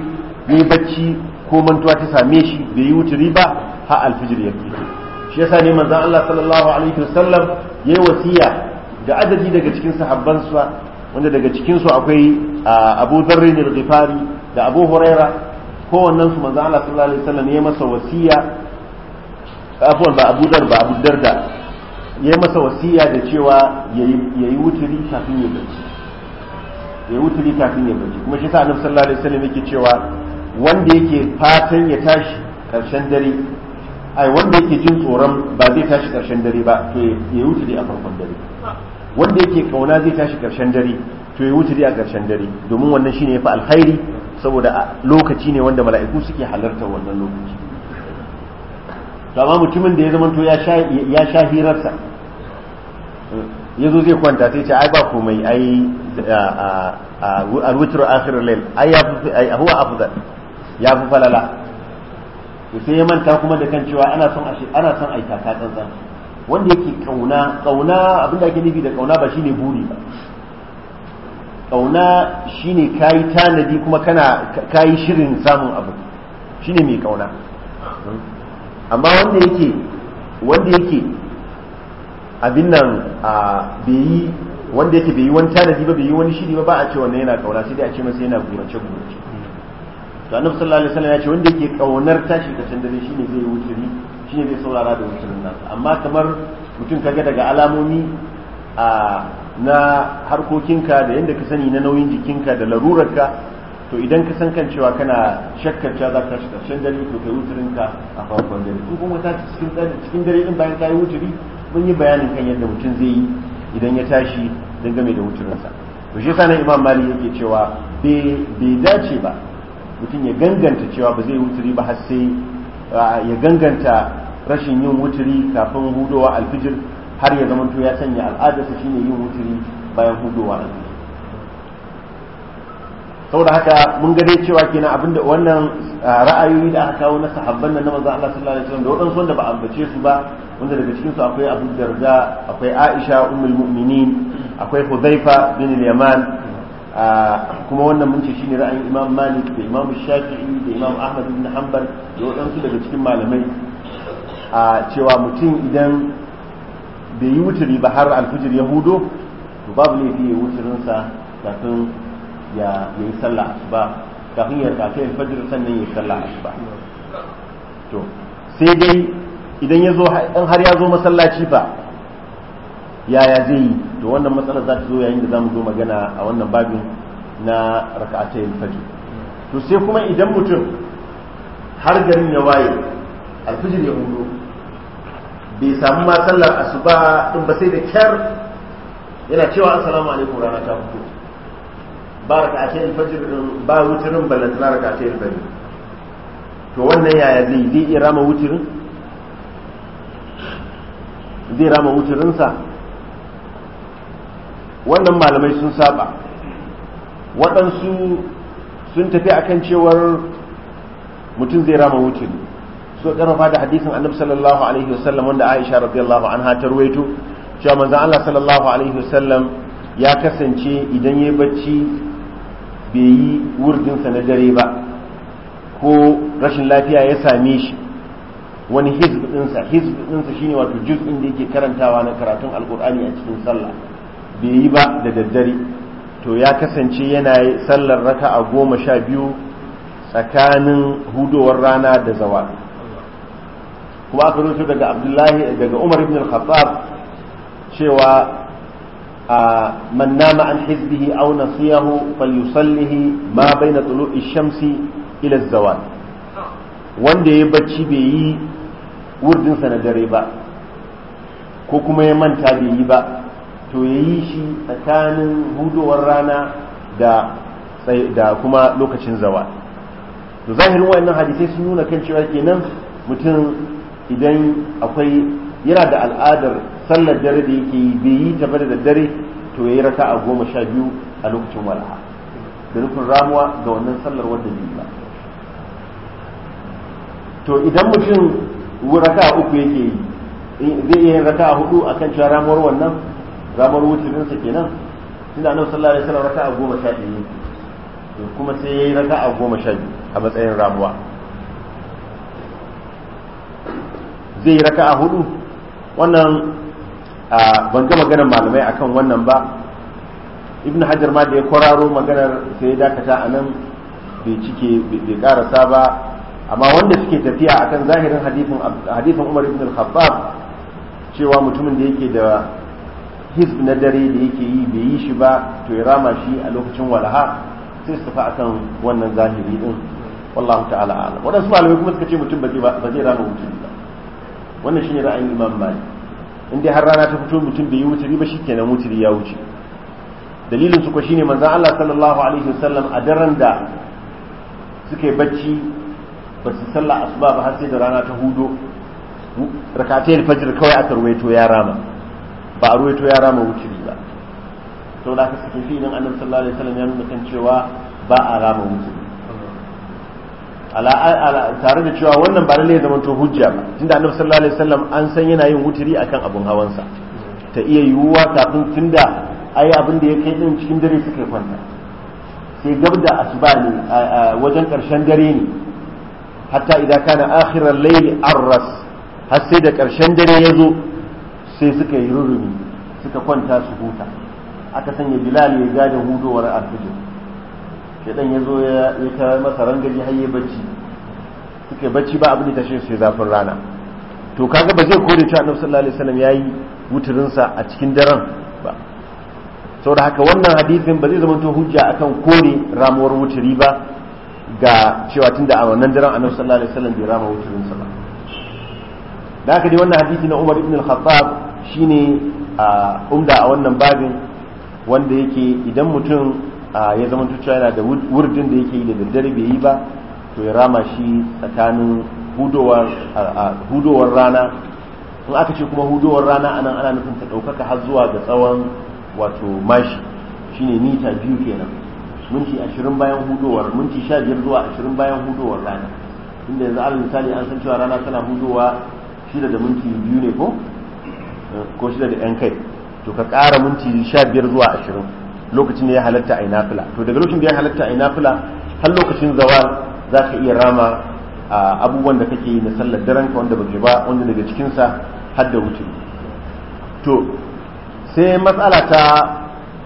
yi bacci ko mantuwa ta same shi bai yi wutri ba har al-fajr ya fito shi yasa ne manzon Allah sallallahu alaihi wasallam yayi wasiya da adadi daga cikin su wanda daga cikinsu akwai abu zarrin al-ghifari da abu huraira kowannen su manzo Allah sallallahu alaihi wasallam ya masa wasiya afwan ba abu dar ba abu darda ya masa wasiya da cewa yayi wuturi kafin ya barci ya wuturi kafin ya barci kuma shi sa annabi sallallahu alaihi wasallam yake cewa wanda yake fatan ya tashi karshen dare ai wanda yake jin tsoron ba zai tashi karshen dare ba to ya wuturi a farkon dare wanda yake kauna zai tashi karshen dare to ya wuce a karshen dare domin wannan shine yafi alkhairi saboda lokaci ne wanda mala'iku suke halartar wannan lokaci to amma mutumin da ya zama to ya sha hirarsa ya zo zai kwanta sai ce ai ba komai ai a wutru akhir lail ai ya fi huwa afdal ya fi falala sai ya manta kuma da kan cewa ana son ana son ai taka tsantsan wanda yake kauna kauna abinda ake nufi da kauna ba shine buri ba kauna shine kayi tanadi kuma kana kayi shirin samun abu shine mai kauna amma wanda yake wanda yake abin nan a bayi wanda yake bai yi wani tanadi ba bai yi wani shiri ba ba a ce wannan yana kauna sai dai a ce masa yana gurace gurace to annabi sallallahu alaihi wasallam ya ce wanda yake kaunar tashi da tandare shine zai wuturi shi ne zai saurara da wutar nan amma kamar mutum ka ga daga alamomi a na harkokinka da yadda ka sani na nauyin jikinka da larurarka to idan ka san kan cewa kana shakkar ca za ka shi ƙarshen dare to kai wuturinka a farkon dare ko kuma ta cikin dare din bayan kayi wuturi mun yi bayanin kan yadda mutum zai yi idan ya tashi game da wuturinsa to shi yasa imam mali yake cewa bai dace ba mutum ya ganganta cewa ba zai wuturi ba har sai ya ganganta rashin yin wuturi kafin hudowa alfijir har ya zamanto ya sanya al'adar al'adarsa shine yin wuturi bayan hudowa alfijir saboda haka mun ga dai cewa kenan abinda wannan ra'ayoyi da aka kawo na sahabban nan na manzon Allah sallallahu alaihi wasallam da wadansu wanda ba ambace su ba wanda daga cikin su akwai Abu Darda akwai Aisha ummul mu'minin akwai Hudhaifa bin al-Yaman kuma wannan mun ce shine ra'ayin Imam Malik da Imam Shafi'i da Imam Ahmad ibn Hanbal da wadansu daga cikin malamai a cewa mutum idan bai yi wuturi ba har alfijir ya hudu, to babu ne fiye wuturinsa kafin ya yi sallah asuba kafin ya tafi alfijir sannan ya yi sallah asuba to sai dai idan ya zo in har ya zo masallaci ba yaya zai yi to wannan matsalar za ta zo yayin da za mu zo magana a wannan babin na raka'atai alfajir to sai kuma idan mutum har garin ya waye alfijir ya hudu. bai samu ma sallar asuba din ba sai da kyar yana cewa assalamu alaikum rana ta fito ba raka a shayin fajir din ba wuturin ba lantana raka a shayin fajir to wannan yaya zai zai iya rama wuturin zai rama sa wannan malamai sun saba waɗansu sun tafi akan cewar mutum zai rama wuturi so karfafa da hadisin annabi sallallahu alaihi wasallam wanda Aisha radiyallahu anha ta ruwaito cewa manzon Allah sallallahu alaihi wasallam ya kasance idan yayi bacci bai yi wurdin sa na dare ba ko rashin lafiya ya same shi wani hizb dinsa hizb dinsa shine wato juz'in da yake karantawa na karatun alqur'ani a cikin sallah bai yi ba da daddare to ya kasance yana sallar raka'a goma sha biyu tsakanin hudowar rana da zawa kuma aka rubuta daga abdullahi daga umar ibn al-khattab cewa man nama an hizbihi aw nasiyahu falyusallihi ma baina tulu'i shamsi ila zawal wanda ya bacci bai yi wurdin sa na dare ba ko kuma ya manta bai yi ba to ya yi shi tsakanin hudowar rana da da kuma lokacin zawal to zahirin wayannan hadisai sun nuna kan cewa kenan mutum idan akwai yana da al'adar sallar dare da yake yi bai yi ta bada da dare to ya yi raka a goma sha biyu a lokacin walaha da nufin ramuwa ga wannan sallar wanda bai yi ba to idan mutum raka uku yake yi eh, zai iya yin raka hudu kan cewa ramuwar wannan ramuwar wuturinsa kenan tunda annabi sallallahu alaihi wasallam raka goma sha biyu kuma sai ya yi raka goma sha biyu a matsayin ramuwa zai raka a hudu wannan ban ga maganar malamai akan wannan ba ibn hajar ma da ya kwararo maganar sai ya dakata a nan bai cike bai karasa ba amma wanda suke tafiya akan zahirin hadifin umar ibn al-khattab cewa mutumin da yake da hizb na dare da yake yi bai yi shi ba to ya rama shi a lokacin walaha sai su tafi akan wannan zahiri din wallahu ta'ala wadansu malamai kuma suka ce mutum ba zai rama mutum ba wannan shine ra'ayin imam malik inda har rana ta fito mutum bai yi wuturi ba shikenan wuturi ya wuce dalilin su ko shine manzon Allah sallallahu alaihi wasallam a daren da suke bacci ba su sallah asuba ba har sai da rana ta hudo rakatai fajr kawai aka ruwaito ya rama ba a ruwaito ya rama wuturi ba da haka suke fi nan annabi sallallahu alaihi wasallam ya nuna kan cewa ba a rama wuturi tare da cewa wannan ba lallai zama to hujja ba tunda annabi sallallahu alaihi wasallam an san yana yin wuturi akan abun hawansa ta iya yiwuwa kafin tunda ai abin da ya kai din cikin dare suka kwanta sai gab da asuba ne wajen karshen dare ne hatta idan kana akhirar layli arras har sai da karshen dare ya zo sai suka yi rurumi suka kwanta su huta aka sanya bilal ya gane hudowar alfijir shaidan ya zo ya ta masa rangaji har bacci suke bacci ba abin da tashe sai zafin rana to kaga ba zai kore cewa annabi sallallahu alaihi wasallam yayi yi wuturinsa a cikin daren ba saboda haka wannan hadisin ba zai zama to hujja akan kore ramuwar wuturi ba ga cewa tunda a wannan daren annabi sallallahu alaihi wasallam bai rama wuturinsa ba da haka dai wannan hadisi na Umar ibn al-Khattab shine a umda a wannan babin wanda yake idan mutum ya zama cewa yana da wurdin da yake yi da daddare bai yi ba to ya rama shi tsakanin hudowar rana in aka ce kuma hudowar rana anan ana nufin ta ɗaukaka har zuwa ga tsawon wato mashi shine mita biyu kenan minti ashirin bayan hudowar minti sha biyar zuwa ashirin bayan hudowar rana inda yanzu alal misali an san cewa rana tana hudowa shida da minti biyu ne ko eh, ko shida da yan kai to ka ƙara minti sha biyar zuwa ashirin lokacin da ya halatta a nafila to daga lokacin da ya halatta a nafila har lokacin zawal za ka iya rama abubuwan da kake yi na sallar daren ka wanda baka ba wanda daga cikinsa har da wuce to sai matsala ta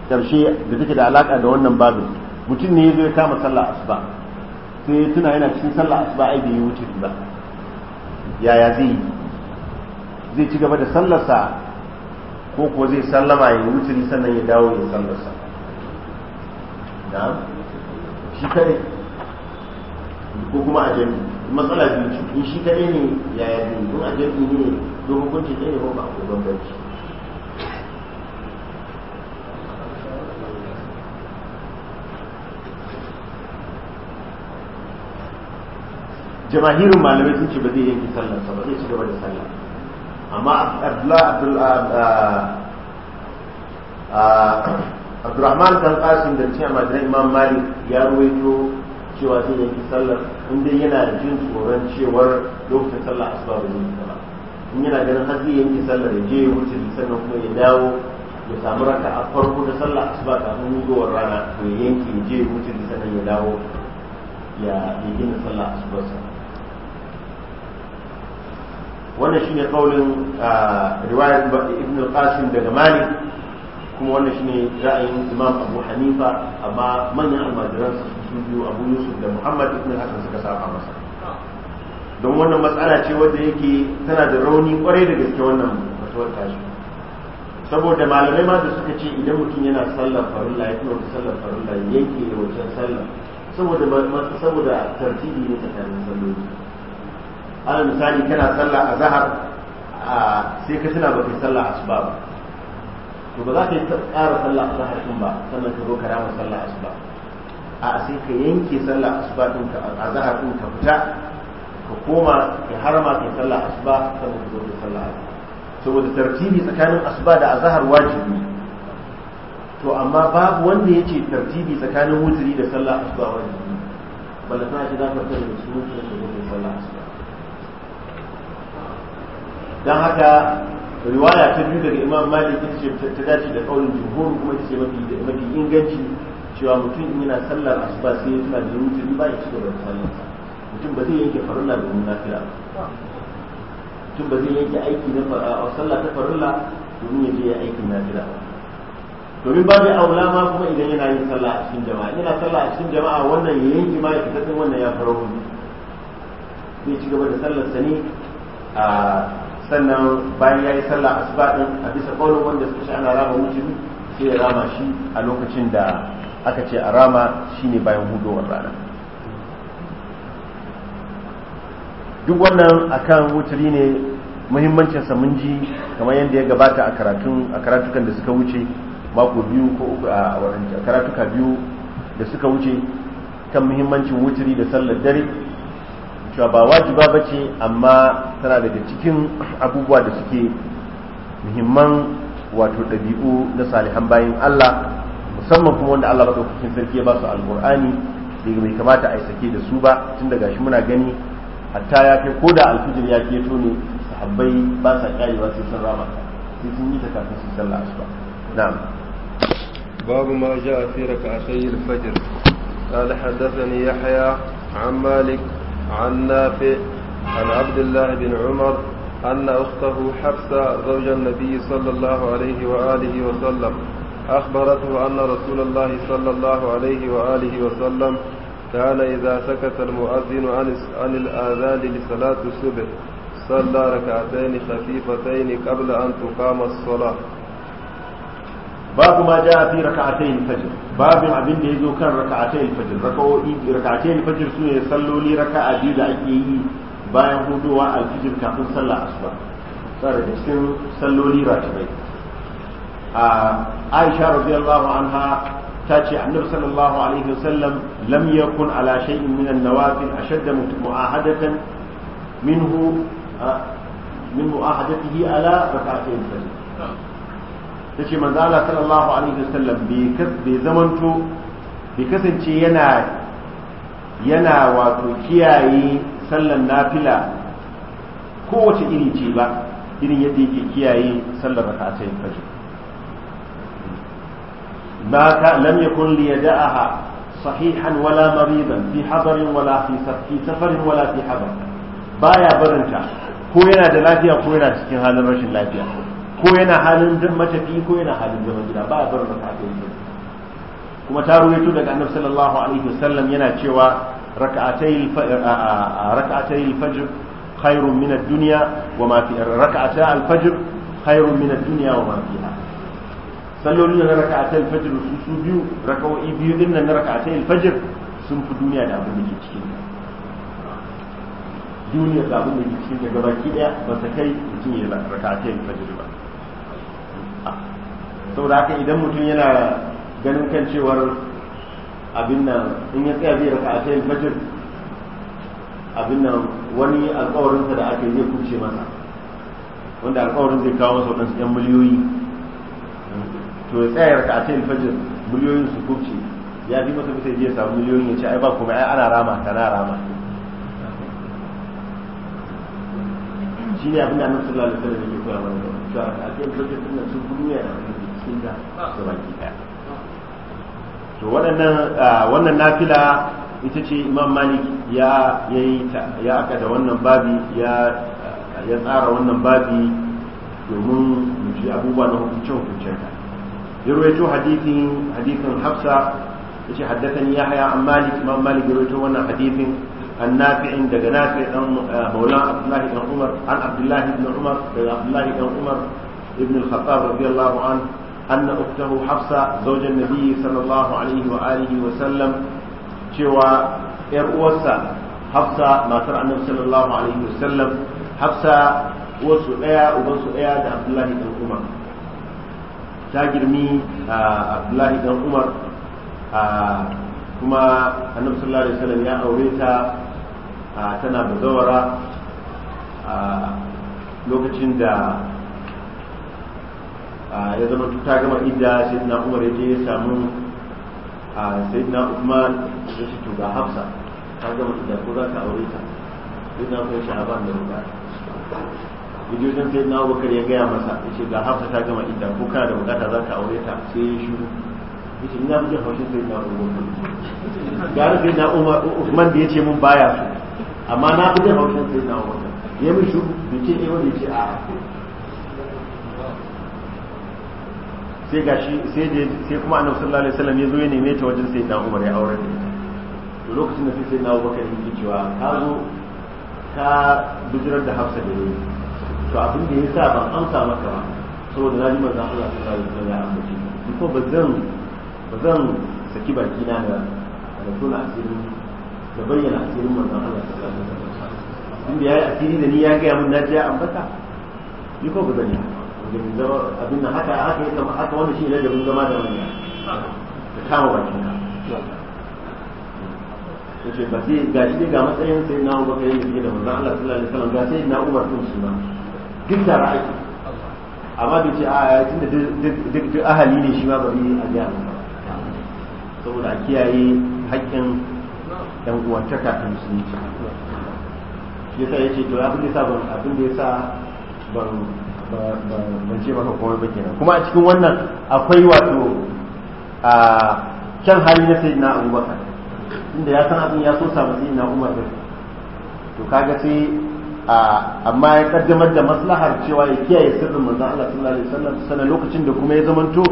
karshe da take da alaka da wannan babin mutum ne ya kama sallar asuba sai tuna yana cikin sallar asuba ai bai yi wuce ba yaya zai yi zai ci gaba da sallarsa ko kuwa zai sallama ya wuce sannan ya dawo ya sallarsa da shi kare ko kuma a jami matsala biyu in shi kare ne yaya ne in a jami ne don hukunci ɗaya ne ba ko bambanci jamahirin malamai sun ce ba zai yanki sallarsa ba zai ci gaba da sallah amma abdullah abdullah ah, ah, abdurrahman kan kasim da cikin madinar imam malik ya ruwaito cewa zai yanki sallar in dai yana jin tsoron cewar lokacin sallar asuba ba zai ba in yana ganin har zai yanki sallar ya je ya wuce sannan kuma ya dawo ya samu raka a farko da sallar asuba kafin zuwar rana to ya yanki ya je ya wuce sannan ya dawo ya yi gina sallar asuba wannan shine kaulin ah, riwayar ibn al-qasim daga malik kuma wannan shine ra'ayin imam abu hanifa amma manyan almajiran su biyu abu yusuf da muhammad ibn hasan suka saba masa don wannan matsala ce wadda yake tana da rauni kwarai da gaske wannan fatuwar tashi saboda malamai ma da suka ce idan mutum yana sallar farilla ya kuma wata sallar farilla yanke da wancan sallar saboda saboda tartibi ne tsakanin salloli ana misali kana sallah a zahar sai ka tuna baka sallah asuba ba to ba za ka yi tsara sallah a zahar ɗin ba sannan ka zo ka rama sallah asuba a sai ka yanke sallah asuba ɗin a zahar ɗin ka fita ka koma ka harama ka sallah asuba sannan ka zo ka sallah asuba saboda tartibi tsakanin asuba da azahar wajibi to amma babu wanda ya ce tartibi tsakanin wuturi da sallah asuba wajibi balla ta shi za tare da su wuturi da sallah asuba dan haka riwaya ta biyu daga imam malik ita ce ta dace da kaulin jumhur kuma ta ce mafi inganci cewa mutum in yana sallar asuba sai ya tuna da wuturi ba ya cigaba da sallar mutum ba zai yanke farilla wani nafila mutum ba zai yanke aiki na sallah ta farilla domin ya je ya aikin nafila domin ba zai aula ma kuma idan yana yin sallah a cikin jama'a yana sallah a cikin jama'a wannan ya yanke ma ya fita wannan ya faro zai ci gaba da sallar sa ne sannan bayan ya yi sallah a din a bisa ƙaunin wanda suka ana rama wujudi sai ya rama shi a lokacin da aka ce a rama shine bayan hudowar rana duk wannan a kan wuturi ne muhimmancin sa ji kamar yadda ya gabata a karatukan da suka wuce mako biyu ko uku a karatuka biyu da suka wuce kan muhimmancin wuturi da sallar dare cewa ba wajiba ba ce amma tana daga cikin abubuwa da suke muhimman wato ɗabi'u na salihan bayan Allah musamman kuma wanda Allah maɗaukakin sarki ya ba su alƙur'ani daga bai kamata a yi sake da su ba tun daga shi muna gani hatta ya kai ko da alfijir ya keto ne sahabbai ba sa ƙarewa sai sun rama sai sun yi ta kafin su sallah asuba na'am babu ma ja'a fi raka'atayil fajr قال ya haya عن مالك عن نافع عن عبد الله بن عمر أن أخته حفصة زوج النبي صلى الله عليه وآله وسلم أخبرته أن رسول الله صلى الله عليه وآله وسلم كان إذا سكت المؤذن عن الآذان لصلاة الصبح صلى ركعتين خفيفتين قبل أن تقام الصلاة babu ma ja fi raka'atay al-fajr babin abin da yazo kan raka'atay al-fajr raka'o'i raka'atay al-fajr su ne salloli raka'a biyu da ake yi bayan hudowa al-fajr kafin sallar asuba sai da cikin salloli ratibai a Aisha radiyallahu anha ta ce annabi sallallahu alaihi wasallam lam ala shay'in min an-nawafil ala ta ce manzo Allah sallallahu alaihi wasallam bai zamanto bai kasance yana yana wato kiyaye sallan nafila kowace iri ce ba irin yadda yake kiyaye sallar rak'atayn fajr Ba ka lam yakun li yada'aha sahihan wala maridan fi hadarin wala fi safarin wala fi hadar baya barinta ko yana da lafiya ko yana cikin halin rashin lafiya ko yana halin matafi ko yana halin zaman gida ba a bar raka'atayn din kuma ta ruwaito daga annabi sallallahu alaihi wasallam yana cewa raka'atay raka'atay al-fajr khairun min ad-dunya wa ma fi raka'atay al-fajr khairun min ad-dunya wa ma fiha sallolin na raka'atay al-fajr su su biyu raka'o'i biyu din nan raka'atay al-fajr sun fi duniya da abin da ke cikin duniya da abin da ke cikin daga baki daya ba ta kai mutum ya raka'atay al-fajr ba saboda haka idan mutum yana ganin kan cewar abin nan in ya tsaya zai raka a kai fajir abin nan wani alkawarinsa da aka yi zai kuce masa wanda alkawarin zai kawo masa wadansu yan miliyoyi to ya tsaya raka a kai fajir miliyoyin su kuce ya fi masa bisa jiya samu miliyoyin ya ce ai ba kuma ai ana rama tana rama shi ne abin da annabi sallallahu alaihi wasallam yake koya mana cewa a sayin fajir din nan sun duniya kinga ah. to waɗannan ah, wannan nafila ita ce imam malik ya ta ya aka da wannan babi ya ya tsara wannan babi domin mu ji abubuwa na hukuncin hukuncin ta ya rawaito hadithin hadithin hafsa yace haddathani an malik imam malik ya rawaito wannan hadithin أن أخته حفصة زوج النبي صلى الله عليه وآله وسلم شوى إرؤوسة حفصة ما ترى النبي صلى الله عليه وسلم حفصة وسؤيا وبسؤيا عبد الله بن عمر تاجرمي عبد الله بن عمر kuma annabi sallallahu alaihi wasallam ya aure ta tana bazawara lokacin da ya zama ta gama idda sai na umar ya je ya samu a sai na umar da ce to hafsa ta gama idda ko za ka aure ta sai na kuma sha'aban da ruka bijojin sai na bakar ya gaya masa ya ce ga hafsa ta gama idda ko kana da bukata za ka aure ta sai ya shiru ya ce ina bijin haushin sai na umar gara sai na usman da ya ce mun baya su amma na bijin haushin sai na umar ya min shiru bai ce eh ce a'a sai gashi sai da sai kuma annabi sallallahu alaihi wasallam ya zo ya neme ta wajen sai na Umar ya aure ta to lokacin da sai na Abubakar ya cewa ka zo ka bijirar da Hafsa da ni to abin da yasa ban amsa maka ba saboda na ji manzo Allah sallallahu alaihi wasallam ya ambace ni ko bazan bazan saki baki na da da tona asirin da bayyana asirin manzo Allah sallallahu alaihi wasallam inda ya asiri da ni ya ga mun na ji ambata ni ko bazan yi abin nan haka haka ya kama haka wanda shi ne da zama da manya ka kama bakin ka yace ba sai ga shi ga matsayin sai na Umar kai yake da manzon Allah sallallahu alaihi wasallam ga sai na Umar din shi ma duk da ra'ayi amma bai ce a tunda duk duk ahali ne shi ma bari a ga ba saboda a kiyaye haƙƙin ɗan uwantaka ta musulunci yasa ce to abin da yasa ban abin da yasa ban ba ce maka kowai ba kenan kuma a cikin wannan akwai wato a kyan hali na sayyidina abubakar inda ya san abin ya so samu na umar da to kaga sai amma ya kaddamar da maslahar cewa ya kiyaye sirrin manzan Allah sallallahu alaihi wasallam sana lokacin da kuma ya zamanto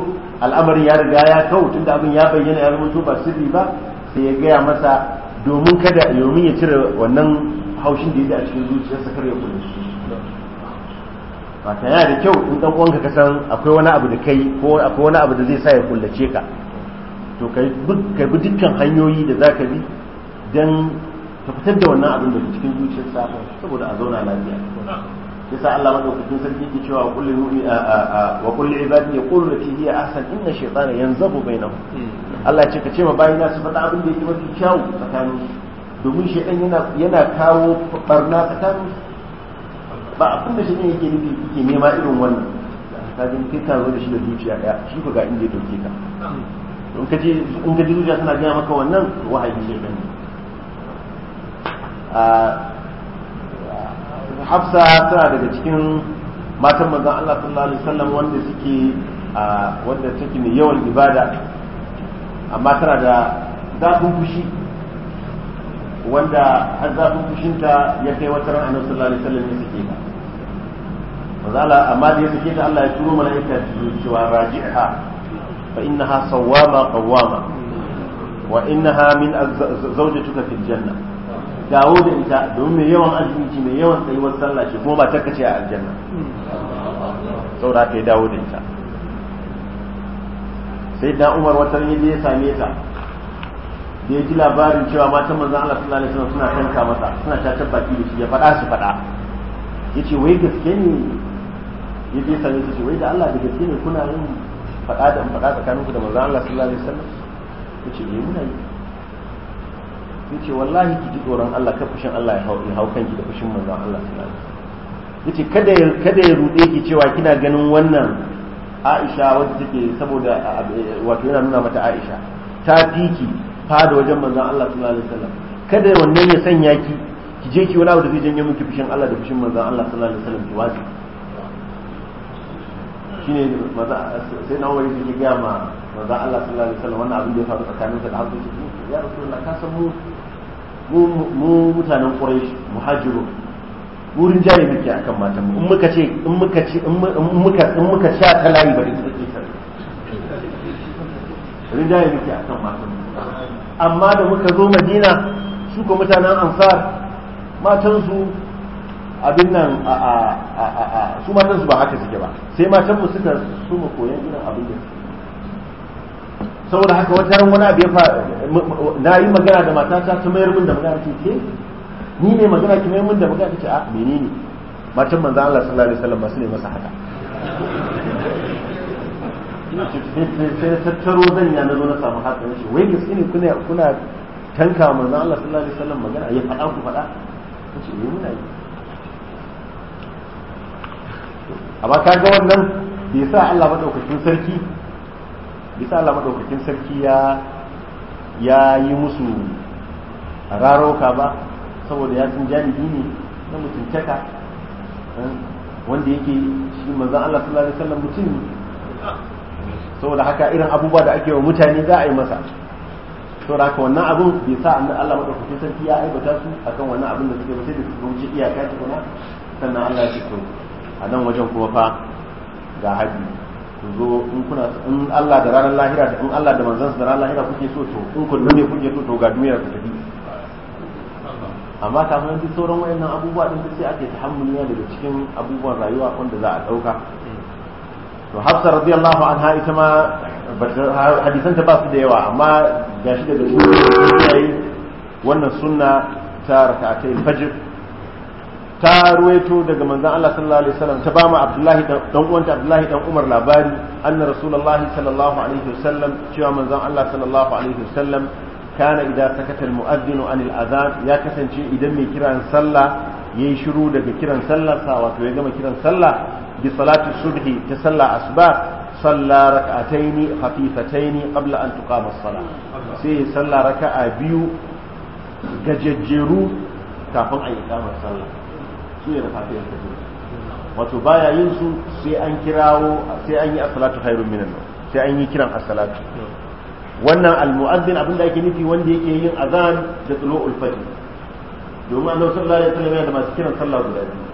al'amarin ya riga ya kau tunda abin ya bayyana ya zamanto ba sirri ba sai ya gaya masa domin kada domin ya cire wannan haushin da ya yake a cikin zuciyarsa kar ya kula shi wata yana da kyau in ɗan ka san akwai wani abu da kai ko akwai wani abu da zai sa ya kullace ka to kai ka bi dukkan hanyoyi da za ka bi don ka fitar da wannan abin daga cikin zuciyar sa saboda a zauna lafiya sa Allah madaukakin sarki ke cewa kullu mu'min wa kullu ibadi yaqulu lati hiya ahsan inna shaytana yanzabu bainahum Allah ce ka ce ma bayina su faɗa abin da yake mafi kyau tsakanin domin shaytan yana yana kawo barna tsakanin ba a da shi ne yake nufi yake nema irin wannan ka ji kai ka zo da shi da zuciya daya shi ga inda ya dauke ka in ka ji in ka ji zuciya tana gaya maka wannan wahayi ne dan a hafsa tana daga cikin matan manzon Allah sallallahu alaihi wasallam wanda suke wanda take mai yawan ibada amma tana da zafin fushi wanda har zafin fushinta ya kai wata ran annabi sallallahu alaihi wasallam ya sake ta mazala amma da ya sake ta Allah ya turo mala'ika su cewa raji'ha fa innaha sawwama qawwama wa innaha min zawjatuka fil janna dawo da ita domin mai yawan azumi mai yawan tsayuwar sallah ce kuma ba ta kace a aljanna saboda ka dawo da ita sai da Umar wata ran ya same ta da ya ji labarin cewa matan manzon Allah sallallahu alaihi suna suna tanka masa suna tatar baki da shi ya faɗa su faɗa ce wai gaske ne ya je sanye ta ce wai da Allah da gaske ne kuna yin faɗa da faɗa tsakaninku da manzon Allah sallallahu alaihi ya ce ne eh, muna yi ya ce wallahi ki ji tsoron Allah ka fushin Allah ya hau ya hau kanki da fushin manzon Allah sallallahu alaihi wasallam yace kada ya kada ya rude ki cewa kina ganin wannan Aisha wadda take saboda eh, wato yana nuna mata Aisha ta fiki fada wajen manzon Allah sallallahu alaihi wasallam kada wannan ya sanya ki ki je ki wani abu da zai janyo miki fushin Allah da fushin manzon Allah sallallahu alaihi wasallam ki wasi shine maza sai na wani yake ga ma manzon Allah sallallahu alaihi wasallam wannan abu da ya faru tsakanin sa da Abu Sufyan ya rasulullah ka san mu mu mutanen Quraysh muhajiru wurin jari miki akan matan mu in muka ce in muka ce in muka in muka sha ta layi ba da take sai wurin jari miki akan matan mu amma da muka zo madina su ko mutanen ansar matansu abin nan su matansu ba haka suke ba sai matanmu suka su mu koyan irin abin da saboda haka wata ran wani abu ya na yi magana da matata ta mayar min da magana ce ke ni ne magana ki mayar min da magana ce a ah, menene matan manzo Allah sallallahu alaihi wasallam ba su ne masa haka sai tattaro zanya na zo na samu hatsarin shi wai gaske ne kuna kuna tanka na Allah sallallahu alaihi wasallam magana ya faɗa ku faɗa kace ne eh, muna yi amma ga wannan bai sa Allah madaukakin sarki bai sa Allah madaukakin sarki ya ya yi musu rarauka ba saboda ya tun jami'i ne na mutuntaka wanda yake shi manzon Allah sallallahu alaihi wasallam mutum saboda haka irin abubuwa da ake wa mutane za a yi masa da haka wannan abun bai sa annabi Allah madaukakin sarki ya aibata su akan wannan abin da suke ba sai da su wuce iyaka kuma sannan Allah ya ce to a nan wajen kuma fa ga haji ku zo in kuna in Allah da ranar lahira da in Allah da manzon da ranar lahira kuke so to in kun ne kuke so to ga duniya ku tafi amma kafin hanyar sauran wayannan abubuwa din sai ake tahammuliya daga cikin abubuwan rayuwa wanda za a dauka to hafsa radiyallahu anha ita ma ta ba su da yawa amma ga shi daga cikin wannan sunna ta raka'atai fajr ta ruwaito daga manzon Allah sallallahu alaihi wasallam ta bama Abdullahi dan uwanta Abdullahi dan Umar labari anna Rasulullah sallallahu alaihi wasallam cewa manzon Allah sallallahu alaihi wasallam kana idan sakata mu'azzinu anil azan ya kasance idan mai kiran sallah yayi shiru daga kiran sallar sa wato ya gama kiran sallah bi salati subhi ta sallah asba salla rak'ataini khafifataini qabla an tuqama as-salah sai salla raka'a biyu gajejjeru kafin a sallah su ne da wato baya yin su sai an kirawo sai an yi as-salatu khairun minan sai an yi kiran a salatu wannan almu'azzin abin da ake nufi wanda yake yin azan da tsulo'ul fajr domin annabi sallallahu alaihi wasallam yana da masu kiran sallah guda biyu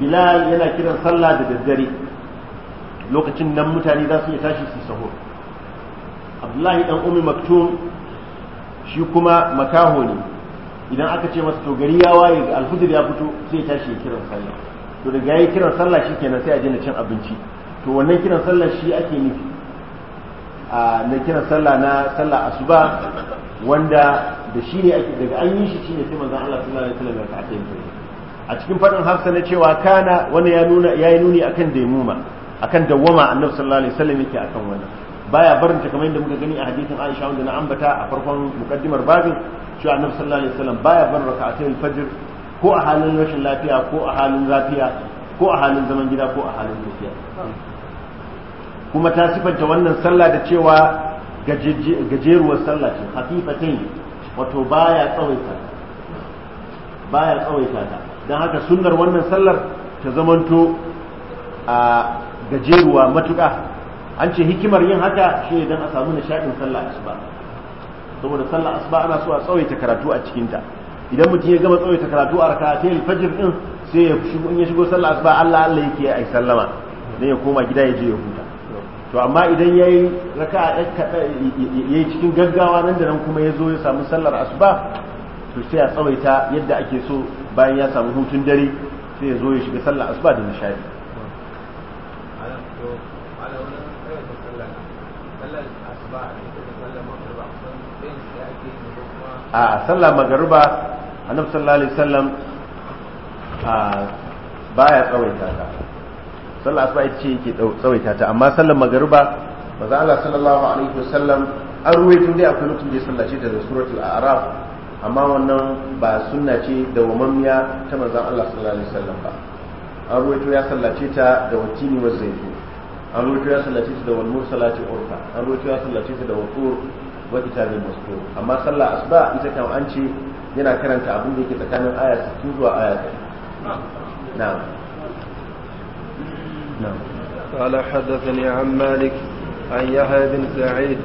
bilal yana kiran sallah da daddare lokacin nan mutane za su iya tashi su sahur abdullahi dan ummi maktum shi kuma makaho ne idan aka ce masa to gari ya waye ga ya fito sai tashi ya kiran sallah to daga yayi kiran sallah shikenan sai a je na cin abinci to wannan kiran sallah shi ake nufi na kira sallah na sallah asuba wanda da shi ne ake daga an yi shi shine sai manzon Allah sallallahu alaihi wasallam ya ta yin a cikin fadin Hafsa na cewa kana wani ya nuna yayi nuni akan daimuma akan dawama annabi sallallahu alaihi wasallam yake akan wannan baya barin ta kamar yadda muka gani a hadisin Aisha wanda na ambata a farkon mukaddimar babin cewa annabi sallallahu alaihi wasallam baya barin raka'atul fajr ko a halin rashin lafiya ko a halin zafiya ko a halin zaman gida ko a halin tafiya kuma ta sifanta wannan sallah da cewa gajeruwar sallah ce hafifatain wato baya tsawaita baya tsawaita ta don haka sunnar wannan sallar ta zamanto a gajeruwa matuƙa an ce hikimar yin haka shi don a samu nishaɗin sallah asuba saboda sallah asuba ana so a tsawaita karatu a cikinta idan mutum ya gama tsawaita karatu a rakatayil fajir din sai ya shigo in ya shigo sallah asuba Allah Allah yake ai sallama ne ya koma gida ya je ya huta to amma idan ya yi raka ya yi cikin gaggawa nan da nan kuma ya zo ya samu sallar asuba to sai ya tsawaita yadda ake so bayan ya samu hutun dare sai ya zo ya shiga sallar asuba da nishadi a sallar magaruba annabi sallallahu alaihi wasallam baya tsawaita ta sallah asuba ita ce yake tsawaita ta amma sallar magariba maza Allah sallallahu alaihi wasallam an ruwaito dai akwai lokacin da ya sallace ta da suratul a'raf amma wannan ba sunna ce da wamamiya ta manzon Allah sallallahu alaihi wasallam ba an ruwaito ya sallace ta da watini wa zaitun an ruwaito ya sallace ta da wal mursalati urfa an ruwaito ya sallace ta da wukur wa kitabin mastur amma sallah asuba ita kan an ce yana karanta abin da yake tsakanin aya 60 zuwa aya 60 na'am نعم قال حدثني عن مالك عن يحيى بن سعيد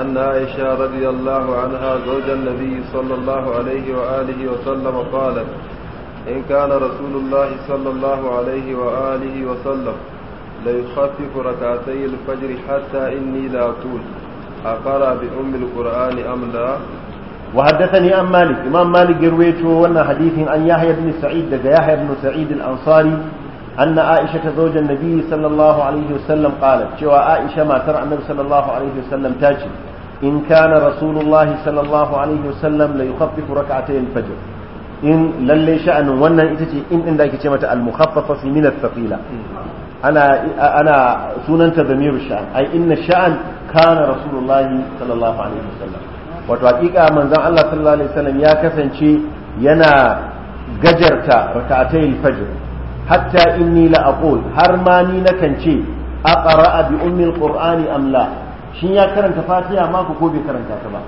أن عائشة رضي الله عنها زوج النبي صلى الله عليه وآله وسلم قالت إن كان رسول الله صلى الله عليه وآله وسلم ليخفف ركعتي الفجر حتى إني لا أقول أقرأ بأم القرآن أم لا وحدثني عن مالك إمام مالك يرويته أن حديث عن يحيى بن سعيد يحيى بن سعيد الأنصاري أن عائشة زوج النبي صلى الله عليه وسلم قالت شوى عائشة ما ترى النبي صلى الله عليه وسلم تاجي إن كان رسول الله صلى الله عليه وسلم ليخفف ركعتي الفجر إن للي شأن ونن إتتي إن إن ذاك كلمة المخففة من الثقيلة أنا أنا سننت ضمير الشأن أي إن الشأن كان رسول الله صلى الله عليه وسلم وتحقيق من زعل الله صلى الله عليه وسلم يا كفن شي ينا gajarta raka'atai fajr hatta inni la aqul har ma ni nakan ce aqra'a bi ummi shin ya karanta fatiha ma bai karanta ta ba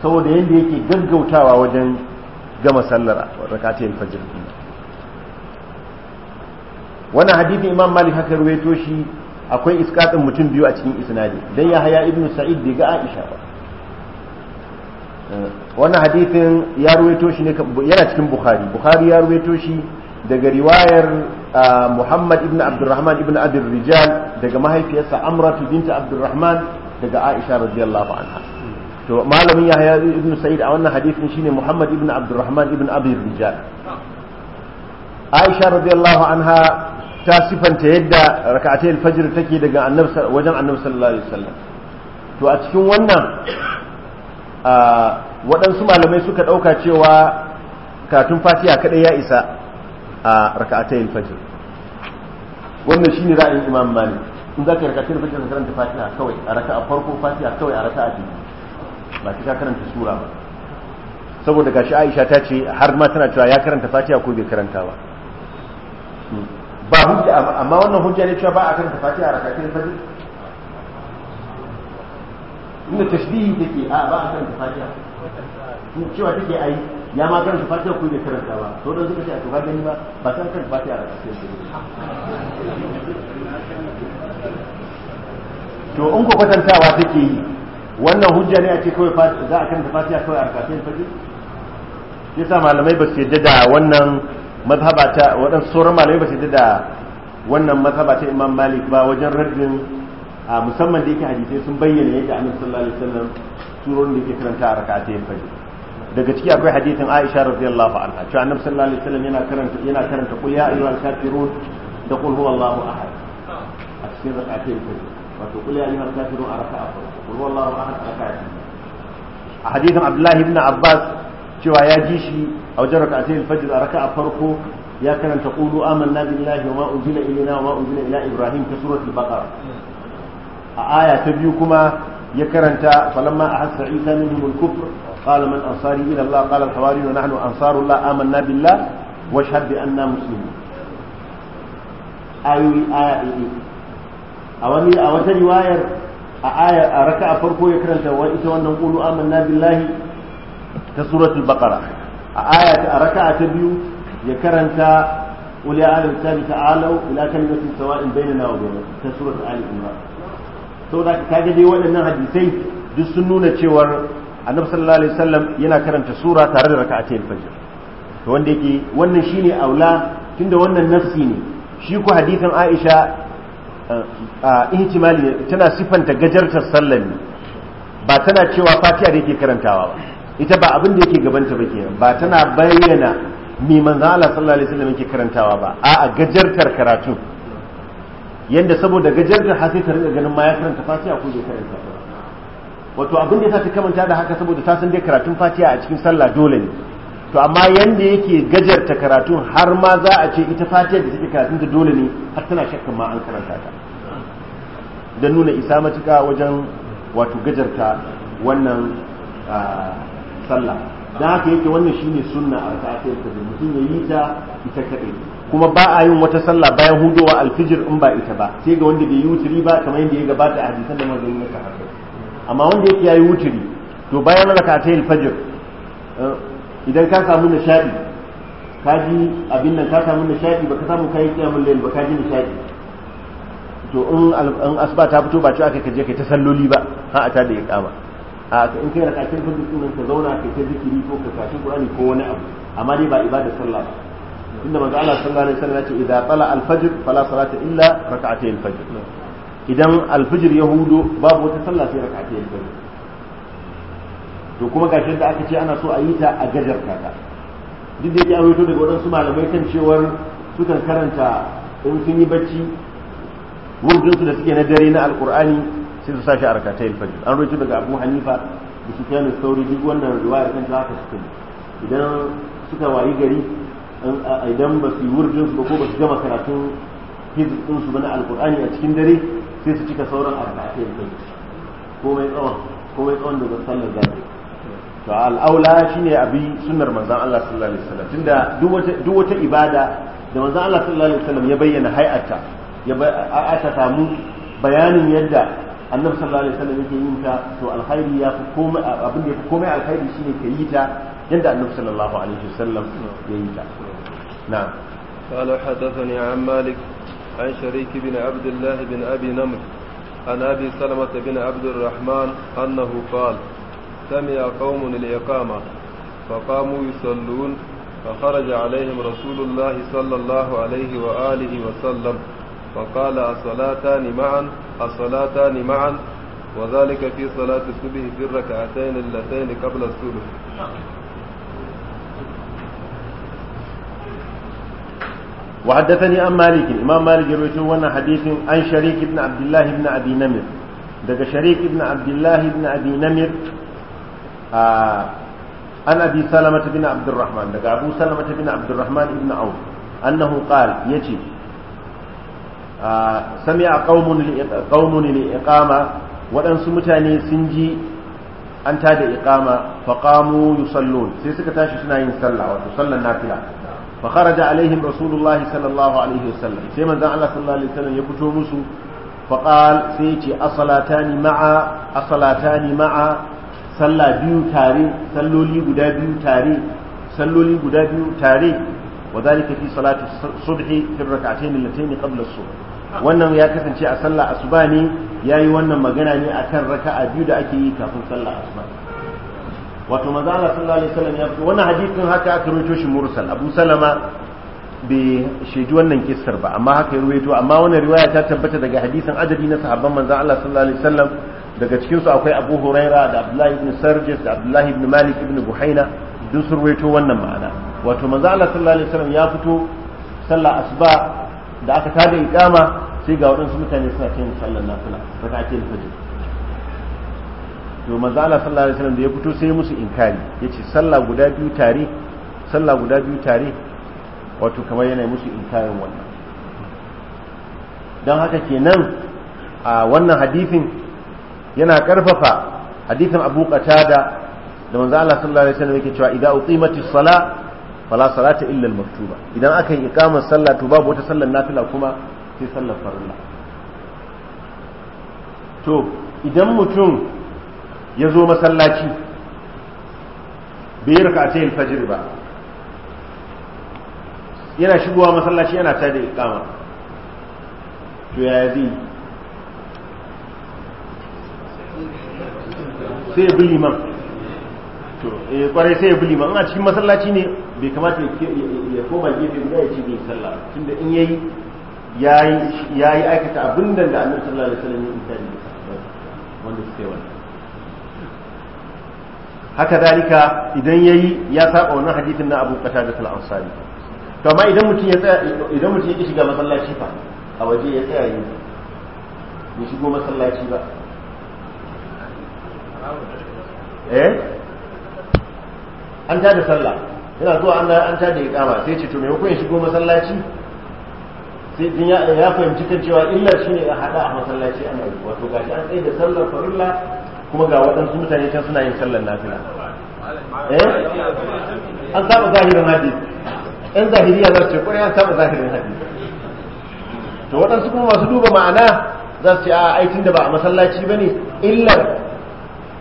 saboda yanda yake gaggautawa wajen gama sallar rakatiyar malik haka ruwaito shi akwai iskatin mutum biyu a cikin isnadi dan ya haya ibnu sa'id bai ga aisha ba wannan hadithin ya ruwaito shi ne yana cikin bukhari bukhari ya ruwaito shi daga riwayar uh, Muhammad ibn Abdurrahman ibn Abi Rijal daga mahaifiyarsa Amratu binta Abdurrahman daga Aisha radiyallahu anha to malamin Yahya ibn Sa'id a wannan hadisin shine Muhammad ibn Abdurrahman ibn Abi Rijal Aisha radiyallahu anha ta sifanta yadda rak'atay al-fajr take daga annabi wajen annabi sallallahu alaihi wasallam to a cikin wannan uh, waɗansu malamai suka ɗauka cewa katun fatiya kaɗai ya isa a raka'atayil fajr wannan shine ra'ayin imam malik in za ka raka'atayil fajr ka karanta fatiha kawai a raka'a farko fatiha kawai a raka'a biyu ba ka karanta sura ba saboda gashi aisha ta ce har ma tana cewa ya karanta fatiha ko bai karanta ba ba hujja amma wannan hujja ne cewa ba a karanta fatiha a raka'atayil fajr inda tashbihi take a ba a karanta fatiha cewa take ayi ya ma karanta fatiha ku da karanta ba to dan suka ce a to ka gani ba ba san kan fatiha a cikin su to in ko kwatantawa take yi wannan hujja ne a ce kawai za a karanta fatiha kawai a kafin fajr yasa malamai ba su yadda da wannan mazhaba ta wadan sauran malamai ba su yadda da wannan mazhaba ta imam malik ba wajen raddin musamman da yake hadisai sun bayyana yadda annabi sallallahu alaihi wasallam turon da yake karanta a raka'atayn fajr daga ciki akwai hadithin Aisha radiyallahu anha cewa Annabi sallallahu alaihi wasallam yana karanta yana karanta qul ya ayyuhal kafirun da qul huwallahu ahad a cikin rak'atayn wato qul ya ayyuhal kafirun a farko qul huwallahu ahad a a ibn Abbas cewa ya ji shi a wajen rak'atayn fajr a raka'a farko ya karanta qulu amanna billahi wa ma unzila ilayna wa ma unzila ila ibrahim ta suratul baqara a aya ta biyu kuma ya karanta falamma ahassa isa minhum al-kufr قال من أنصاري إلى الله قال الحواري ونحن أنصار الله آمنا بالله واشهد بأننا مسلمون آيوي آية أولي أوتى رواية آية ركع فرقو يكرن وإذا ونقول آمنا بالله كسورة البقرة آية ركع تبيو يكرن ولي آل الكتاب تعالوا إلى كلمة سواء بيننا وبينكم كسورة آل عمران saboda ka ga dai waɗannan hadisai duk sun nuna cewar annabi sallallahu alaihi wasallam yana karanta sura tare da raka'atayil fajr to wanda yake wannan shine aula tunda wannan nafsi ne shi ku hadithan Aisha ihtimali tana sifanta gajartar sallar ne ba tana cewa fatiha da yake karantawa ba ita ba abin da yake gabanta ba kenan ba tana bayyana me manzon Allah sallallahu alaihi wasallam yake karantawa ba a'a gajartar karatu yanda saboda gajartar hasita ta ganin ma ya karanta fatiha ko bai karanta ba wato abin da ta kamanta da haka saboda ta san dai karatun fatiha a cikin sallah dole ne to amma yanda yake gajarta karatun har ma za a ce ita fatiha da take karatun ta dole ne har tana shakkan ma an karanta ta don nuna isa matuka wajen wato gajarta wannan sallah don haka yake wannan shine sunna a ta'afiyar ta mutum ya yi ta ita kadai kuma ba a yin wata sallah bayan hudowa alfijir in ba ita ba sai ga wanda bai yi wuturi ba kamar yadda ya gabata a hadisan da yi ya haka amma wanda yake yayi wuturi to bayan rakatayil fajr eh, idan ka samu nishadi ka ji abin nan ka samu nishadi baka samu kai kiyamul layl baka ji nishadi to in asba ta fito ba ci aka kaje kai ta salloli ba ha a ta da iqama a ka in kai rakatayil fajr din ka zauna kai ta zikiri ko ka kashi qur'ani ko wani abu amma dai ba ibada sallah ba inda manzo Allah sallallahu alaihi wasallam ya ce idza tala al-fajr fala salata illa rak'atay al-fajr idan alfijir ya hudu babu wata sallah sai raka ta yi to kuma gashin da aka ce ana so a yi ta a gajar kaka duk da yake an daga waɗansu malamai kan cewar sukan karanta in sun yi bacci wurdinsu da suke na dare na alkur'ani sai su sashi a rakatai alfajir an rito daga abu hanifa da su kyanu sauri duk wannan riwaya kan ta haka suke idan suka wayi gari idan ba su yi wurdinsu ba ko ba su gama karatun hizbinsu ba na alkur'ani a cikin dare sai su cika sauran arba'atai da komai tsawon komai tsawon da sallar zafi to al'aula shine abi sunnar manzon Allah sallallahu alaihi wasallam tunda duk wata duk wata ibada da manzon Allah sallallahu alaihi wasallam ya bayyana hay'ata ya aka samu bayanin yadda annabi sallallahu alaihi wasallam yake yin ta to alkhairi ya fi komai abin da ya fi komai alkhairi shine ka yi ta yadda annabi sallallahu alaihi wasallam ya yi ta na'am قال حدثني عن مالك عن شريك بن عبد الله بن أبي نمر عن أبي سلمة بن عبد الرحمن أنه قال سمع قوم الإقامة فقاموا يصلون فخرج عليهم رسول الله صلى الله عليه وآله وسلم فقال الصلاتان معا الصلاتان معا وذلك في صلاة الصبح في الركعتين اللتين قبل الصبح وحدثني عن مالك امام مالك رويته وانا حديث عن شريك بن عبد الله بن ابي نمر دق شريك بن عبد الله بن ابي نمر آه عن ابي سلمة بن عبد الرحمن دق ابو سلمة بن عبد الرحمن بن عوف انه قال يجي آه سمع قوم قوم لإقامة waɗansu mutane sun ji an tada iqama faqamu yusallun sai suka tashi suna yin sallah wato sallar nafila fa kharaja alaihim rasulullah sallallahu alaihi wasallam sai manzon Allah ya fito musu fa qal sai ya ce asalatani ma'a asalatani ma'a sallah biyu tare salloli guda biyu tare salloli guda biyu tare wa zalika fi salati subhi fi rak'atayn allatayn qabla wannan ya kasance a sallah asuba ne yayi wannan magana ne akan raka'a biyu da ake yi kafin sallah asuba wato manzo Allah sallallahu alaihi wasallam ya wani wannan hadisin haka aka rawaito shi mursal Abu Salama bai shaidu wannan kissar ba amma haka ya rawaito amma wannan riwaya ta tabbata daga hadisin adadi na sahabban manzo Allah sallallahu alaihi wasallam daga cikin su akwai Abu Huraira da Abdullahi ibn Sarjis da Abdullahi ibn Malik ibn Buhaina duk sun rawaito wannan ma'ana wato manzo Allah sallallahu alaihi wasallam ya fito sallah asuba da aka tada iqama sai ga waɗansu mutane suna cin sallar nafila rakatul fajr to manzo Allah sallallahu alaihi wasallam da ya fito sai musu inkari yace sallah guda biyu tare sallah guda biyu tare wato kamar yana musu inkarin wannan don haka kenan a wannan hadisin yana karfafa hadisin Abu Qatada da manzo Allah sallallahu alaihi wasallam yake cewa idza uqimatis sala fala salata illa al-maktuba idan aka yi iqamar sallah to babu wata sallar nafila kuma sai sallar farilla to idan mutum ya zo masallaci bai raka a tayin fajir ba yana shigowa masallaci yana da ikama to ya zai sai ya bi liman to eh kware sai ya bi liman a cikin masallaci ne bai kamata ya koma gefe guda ya ce sallah tunda in yayi yayi yayi aikata abin da annabi sallallahu alaihi wasallam ya yi wanda suke wannan haka dalika idan yayi ya saba wannan hadithin na Abu Qatada al-Ansari to amma idan mutum ya tsaya idan mutum ya shiga masallaci fa a waje ya tsaya yi ya shigo masallaci ba eh an tada sallah yana zuwa an an tada ya kama sai ce to me ya shigo masallaci sai din ya fahimci kan cewa illa shine ya hada a masallaci annabi yi wato gashi an tsaye da sallar farilla kuma ga waɗansu mutane can suna yin sallar nafila eh an saba zahirin hadisi yan zahiriya za su ce kwarai an saba zahirin hadisi to waɗansu kuma masu duba ma'ana za su ce a aikin da ba a masallaci ba ne illar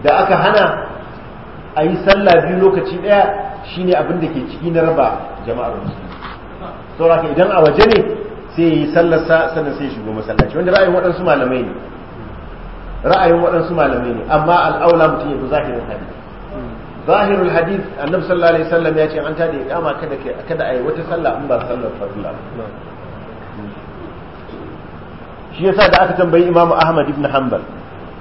da aka hana a yi sallah biyu lokaci ɗaya shine abin da ke ciki na raba jama'ar musulmi sauraka idan a waje ne sai ya yi sallarsa sannan sai ya shigo masallaci wanda ra'ayin waɗansu malamai ne ra'ayin waɗansu malamai ne amma al'aula mutum ya fi zahirin hadith zahirul hadith annabi sallallahu alaihi wasallam ya ce an tada ya kama kada kada ayi wata sallah in ba sallar farilla shi yasa da aka tambayi imam ahmad ibn hanbal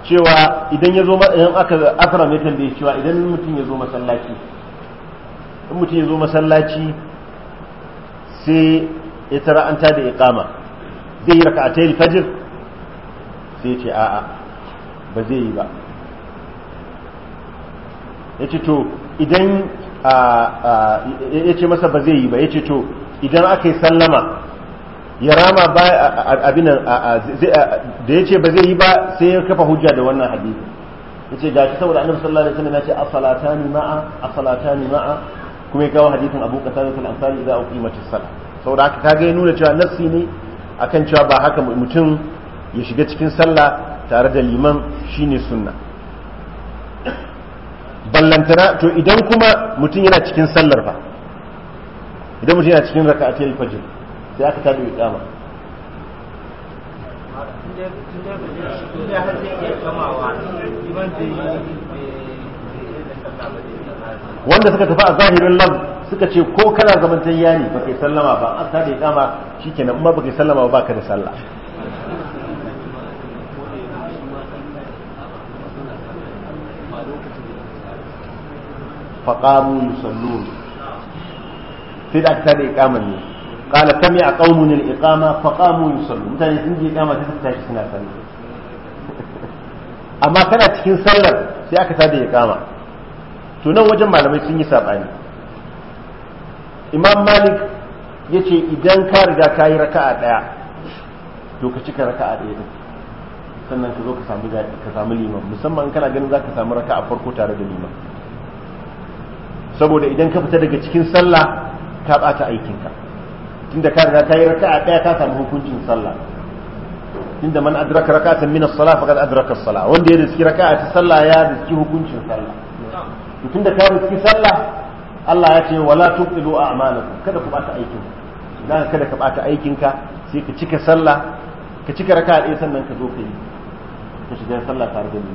cewa idan yazo idan aka akram ya tambaye cewa idan mutum ya zo masallaci in mutum ya masallaci sai ya tara an tada iqama zai yi raka'atai fajr sai ya ce a'a ba zai yi ba ya ce to idan ya ce masa ba zai yi ba ya ce to idan aka yi sallama ya rama ba abinan da ya ce ba zai yi ba sai ya kafa hujja da wannan hadisi ya ce shi saboda annabi sallallahu alaihi wasallam ya ce asalata salatani ma'a asalata salatani ma'a kuma ya kawo hadisin Abu kasar da ansari za a kuma salah saboda haka kaga ya nuna cewa nassi ne akan cewa ba haka mutum ya shiga cikin sallah tare da liman shine sunna ballantana to idan kuma mutum yana cikin sallar fa idan mutum yana cikin raka a tel fajir sai aka yi iqama wanda suka tafi a zahirin lam suka ce ko kana zamantayya ne kai sallama ba an tada kama shi kenan ba kai sallama ba ka da sallah a يصلون في الأكثر إقامة قال سمع قوم الإقامة فقاموا يصلون مثلا يسنجي إقامة تفتح سنة أما كانت تكين سلر في أكثر إقامة tunan wajen malamai sun yi saɓani imam malik ya ce idan ka riga ka yi raka'a ɗaya to ka cika raka'a ɗaya ɗin sannan ka zo ka samu liman musamman kana ganin za ka samu raka a farko tare da liman saboda idan ka fita daga cikin sallah ka bata aikinka tunda ka riga ka yi raka'a daya ka samu hukuncin sallah tunda man adraka raka'atan min as-salah faqad adraka as-salah wanda ya riski raka'a ta sallah ya riski hukuncin sallah to tunda ka riski sallah Allah ya ce wala tuqilu a'malakum kada ku bata aikin dan kada ka bata aikinka sai ka cika sallah ka cika raka'a ɗaya sannan ka zo ka yi ka shiga sallah tare da ni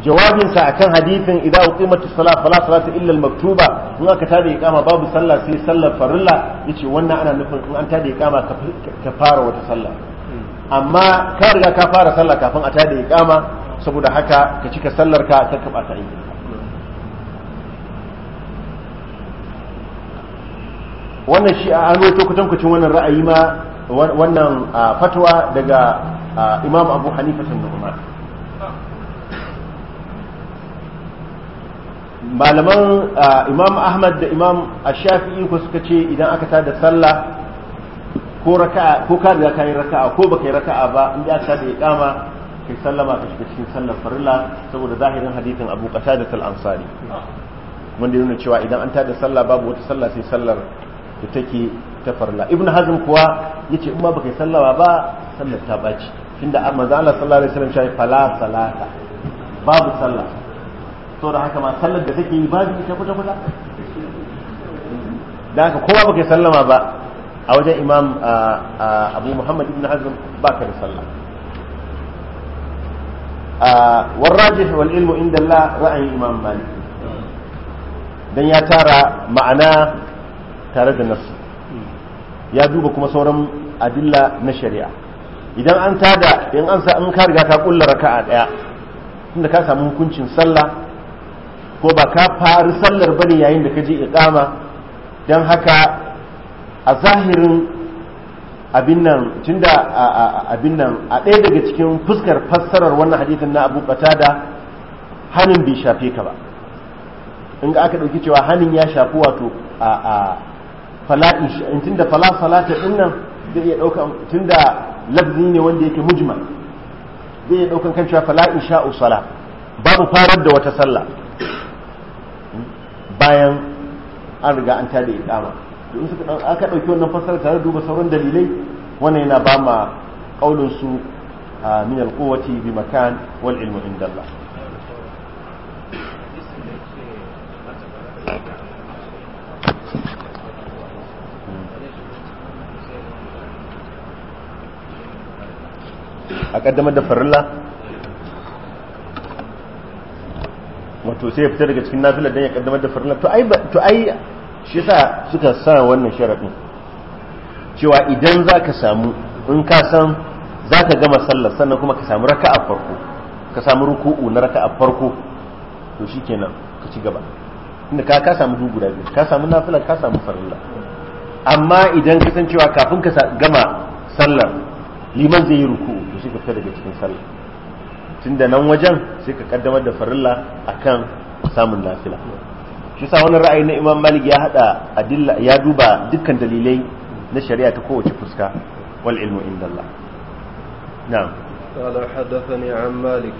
jawabinsa akan hadisin idza uqimat as-salat fala salata illa al-maktuba in aka tada iqama babu sallah sai sallar farilla yace wannan ana nufin in an tada iqama ka fara wata sallah amma ka riga ka fara sallah kafin a tada iqama saboda haka ka cika sallar ka ta kaba ta aiki wannan shi a hannu kutan ra'ayi ma wannan fatwa daga imam abu hanifa sannan umar malaman imam ahmad da imam ashafi'i ko suka ce idan aka tada sallah ko raka'a ko ka riga kai raka'a ko baka yi raka'a ba inda aka tada iqama kai sallama ka shiga cikin sallar farilla saboda zahirin hadithin abu qatada al ansari wanda nuna cewa idan an tada sallah babu wata sallah sai sallar da take ta farilla ibnu hazm kuwa yace in ma baka yi sallah ba sallar ta baci tunda amma zalla sallallahu alaihi wasallam shi fala salata babu sallah da haka ma sallar da take yi babu ta kuta kuta da haka kowa baka sallama ba a wajen imam abu muhammad ibn hazm ba ka da sallah wal والعلم inda الله رأي imam malik dan ya tara ma'ana tare da nasu ya duba kuma sauran adilla na shari'a idan an tada in an sa an ka riga ka kulla raka'a daya tunda ka samu hukuncin sallah ko ba ka faru sallar bane yayin da ka je iqama don haka a zahirin abin nan tunda abin nan a ɗaya daga cikin fuskar fassarar wannan hadithin na abu da hannun bai shafe ka ba in ga aka ɗauki cewa hannun ya shafi wato a fala'in tunda fala salata ɗin nan zai iya ɗaukan tunda lafzi ne wanda yake mujma zai iya ɗaukan kan cewa fala'in sha'u sala babu farar da wata sallah bayan an riga an tada iqama domin suka aka dauki wannan fasara tare da duba sauran dalilai wannan yana ba ma kaulin su min alquwati bi makan wal ilmu indallah a kaddamar da farilla wato sai ya fita daga cikin nafila dan ya kaddamar da farilla to ai to ai shi yasa suka sa wannan sharadin cewa idan zaka samu in ka san zaka gama sallar sannan kuma ka samu raka'a farko ka samu ruku'u na raka'a farko to shikenan ka ci gaba inda ka ka samu guda biyu ka samu nafila ka samu farilla amma idan ka san cewa kafin ka gama sallar liman zai yi ruku'u to sai ka fita daga cikin sallar da nan wajen sai ka kaddamar da farilla akan samun lafila shi sa wani ra'ayi na imam malik ya hada adilla ya duba dukkan dalilai na shari'a ta kowace fuska wal ilmu indallah na'am قال حدثني عن مالك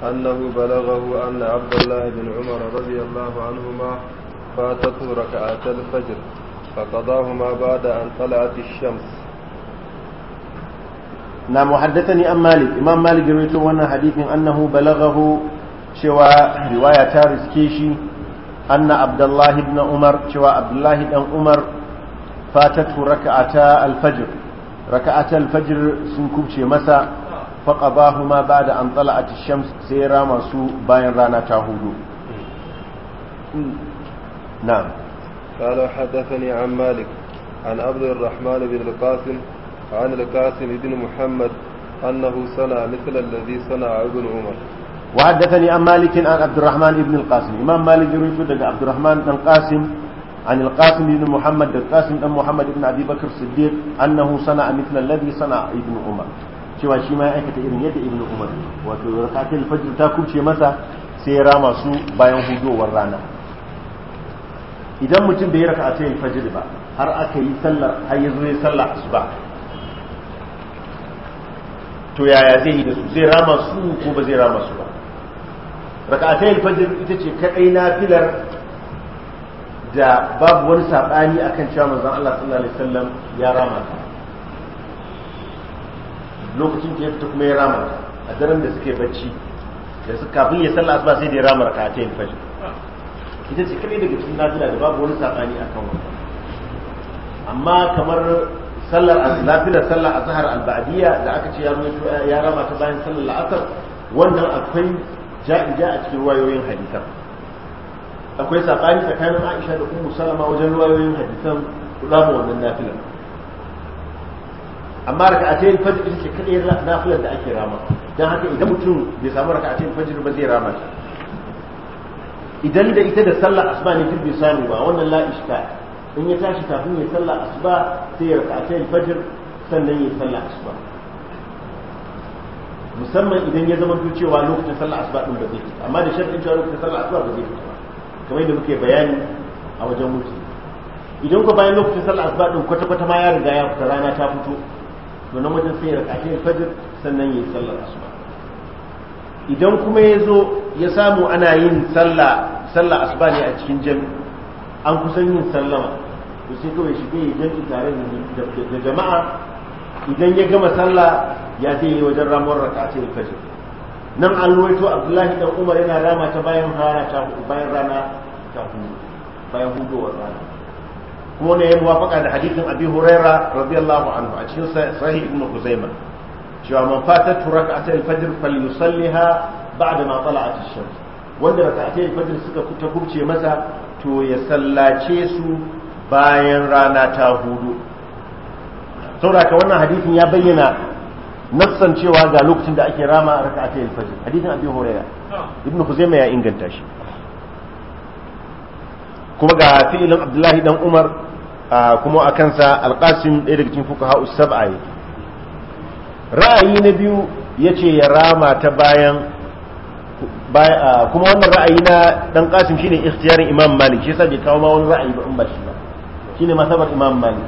أنه بلغه أن عبد الله بن عمر رضي الله عنهما فاتته ركعة الفجر فقضاهما بعد أن طلعت الشمس na muhaddathani an malik imam malik rawaito wannan hadithin annahu balaghahu cewa riwaya ta riske shi anna abdullahi ibn umar cewa abdullahi dan umar fatatu raka'ata alfajr sun kubce masa faqabahuma ba'da an tala'at ash-shams sai rama su bayan rana ta hudu na'am قال حدثني عن مالك عن عبد الرحمن بن القاسم عن القاسم بن محمد أنه صنع مثل الذي صنع ابن عمر وحدثني عن مالك عن عبد الرحمن بن القاسم إمام مالك يروي عبد الرحمن بن القاسم عن القاسم بن محمد القاسم بن محمد بن أبي بكر الصديق أنه صنع مثل الذي صنع ابن عمر cewa shi ma ya aikata irin yadda ibnu umar wato rakatul fajr ta kubce masa sai ya rama su bayan hudowar rana idan mutum bai rakatul fajr ba har aka yi sallar har ya zo ya sallar asuba to yaya zai yi da su zai rama su ko ba zai rama su ba raka'atai alfajir ita ce kadai nafilar da babu wani sabani kan cewa manzon Allah sallallahu alaihi wasallam ya rama ta lokacin da ya fita kuma ya rama ta a daren da suke bacci da su kafin ya sallah asuba sai da ya rama yin alfajir ita ce kadai daga cikin nafila da babu wani sabani kan wannan amma kamar sallar lafilar sallar azhar alba'diya da aka ce ya rubuto eh, ya rama ta bayan sallar la'asar wannan akwai ja'i ja a cikin wayoyin hadisan akwai sabani tsakanin Aisha da Ummu Salama wajen wayoyin hadisan rama wannan nafilar amma raka'atai fajr ita ce kadai nafilar da ake rama dan haka idan mutum bai samu raka'atai fajr ba zai rama ta idan da ita da sallar asma ne kin bai sani ba wannan la ishka in ya tashi kafin ya sallah asuba sai ya raka'atai fajr sannan ya sallah asuba musamman idan ya zama to cewa lokacin sallah asuba din ba zai fita amma da sharɗin cewa lokacin sallah asuba ba zai fita ba kamar yadda muke bayani a wajen wuce idan ku bayan lokacin sallah asuba din kwata kwata ma ya riga ya fita rana ta fito to nan wajen sai ya raka'atai fajr sannan ya sallah asuba idan kuma ya zo ya samu ana yin sallah sallah asuba ne a cikin jami'i an kusan yin sallama to sai kawai shige ya jami'i tare da jama'a idan ya gama sallah ya je yi wajen ramuwar rakatai fajr nan an ruwaito abdullahi dan umar yana rama ta bayan rana ta bayan rana ta bayan hudowar rana kuma ne ya muwafaka da hadithin abi huraira radiyallahu anhu a cikin sahih ibn kuzaima cewa man fatat raka'atai fajr falyusalliha ba'da ma tala'at ash-shams wanda raka'atai fajr suka ta kubce masa to ya sallace su bayan rana ta hudu sauraka wannan hadithin ya bayyana nassan cewa ga lokacin da ake rama a raka yi alfaji hadithin abin horaya ibn huzaima ya inganta shi kuma ga fi'ilin abdullahi dan umar kuma a kansa alƙasim ɗaya daga cikin fuka ha'u sab'a yake ra'ayi na biyu ya ce ya rama ta bayan kuma wannan ra'ayi na ɗan kasim shine ikhtiyarin imam malik shi yasa bai kawo ma wani ra'ayi ba in ba shi shine masabar imam malik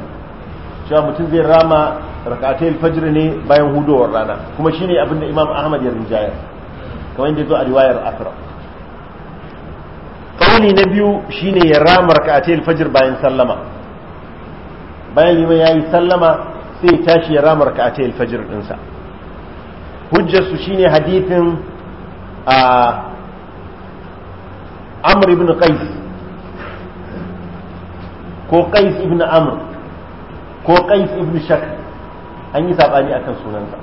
cewa mutum zai rama rak'atai alfajr ne bayan hudowar rana kuma shine abinda imam ahmad ya rinjayar kamar yadda zo a riwayar asra kauli na biyu shine ya rama rak'atai alfajr bayan sallama bayan liman yayi sallama sai ya tashi ya rama rak'atai alfajr dinsa hujjar su shine hadithin a amr ibn qais ko qais ibn amr ko qais ibn shak, an yi a kan sunansa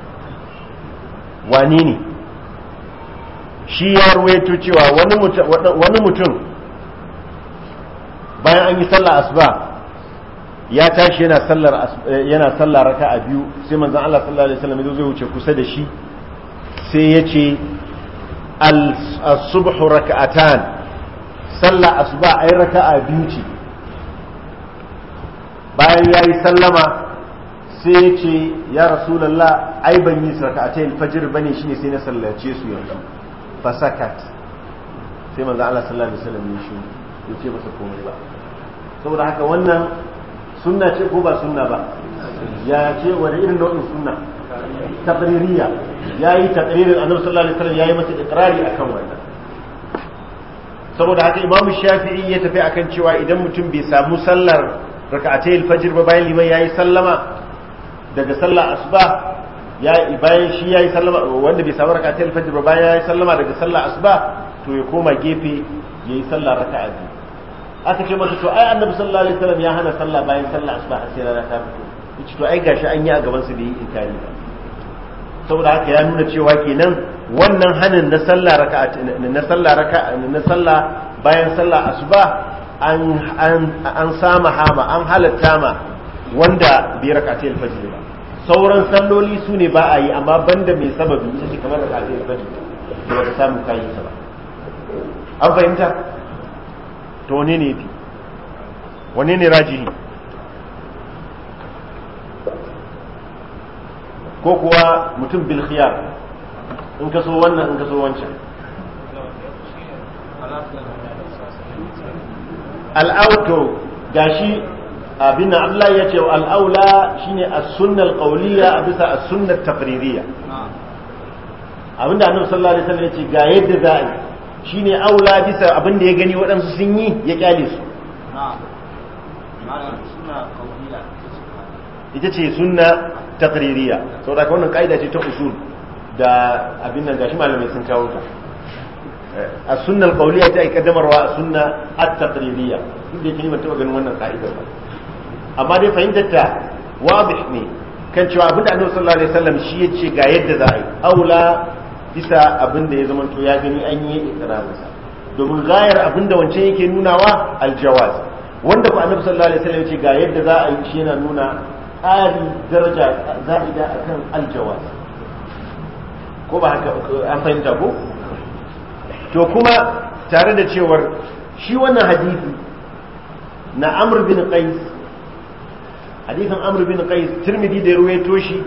wane ne shi ya ruwaito cewa wani mutum bayan an yi sallar asuba ya tashi yana sallar yana sallar raka'a biyu sai manzon Allah sallallahu alaihi wasallam zai wuce kusa da shi sai ya ce al-subhu raka'atan sallar asuba ai raka'a biyu ce bayan ya yi sallama sai ya ce ya rasulallah ai ban yi a raka'atai alfajir bane ne sai na sallace su yanzu fasakat sai manzo Allah sallallahu alaihi wasallam ya shi ya ce masa komai ba saboda haka wannan sunna ce ko ba sunna ba ya ce wani irin nau'in sunna taqririya yayi taqririn annabi sallallahu alaihi wasallam yayi masa ikrari akan wannan saboda haka imamu shafi'i ya tafi akan cewa idan mutum bai samu sallar raka'atai alfajr ba bayan liman yayi sallama daga sallah asuba ya bayan shi yayi sallama wanda bai samu raka'atai alfajr ba bayan yayi sallama daga sallah asuba to ya koma gefe yayi sallah raka'a biyu aka ce masa to ai annabi sallallahu alaihi wasallam ya hana sallah bayan sallah asuba har sai ta fito yace to ai gashi an yi a gaban su da yi inkari saboda haka ya nuna cewa kenan wannan hanin na sallah raka'a na sallah raka'a na sallah bayan sallah asuba an sama hama an halatta ma wanda bai raka ta alfajir ba sauran salloli su ne ba a yi amma banda mai sababi ita ce kamar raka ta alfajir da wata samun kayan sa ba an fahimta to ne ne fi wane ne rajihi ko kuwa mutum bil khiyar in ka so wannan in ka so wancan al'auto shi abin da Allah ya ce al'aula ne a sunnal qawliya a bisa a sunnat tafiririya. abinda annabi sallallahu alaihi wasallam ya ce ga yadda za a shi ne aula bisa abin da ya gani waɗansu sun yi ya kyale su ita ce sunna da saboda wannan kaida ce ta usul da abin nan gashi malamai sun kawo ta a sunna alqawliya ta kaddamarwa a sunna at-taqlidiyya duk da yake ban taba ganin wannan ka'idar ba amma dai fahimtar ta wadih ne kan cewa abinda annabi sallallahu alaihi wasallam shi yace ga yadda za a yi aula bisa abinda ya zamanto ya gani an yi ikrarinsa domin gayar abinda wancan yake nuna nunawa aljawaz wanda ku annabi sallallahu alaihi wasallam yace ga yadda za a yi shi yana nuna ƙari daraja za'ida akan aljawaz ko ba haka an fahimta ko to kuma tare da cewar shi wannan hadisi na amr bin qais hadisin amr bin qais tirmidhi da ruwaito shi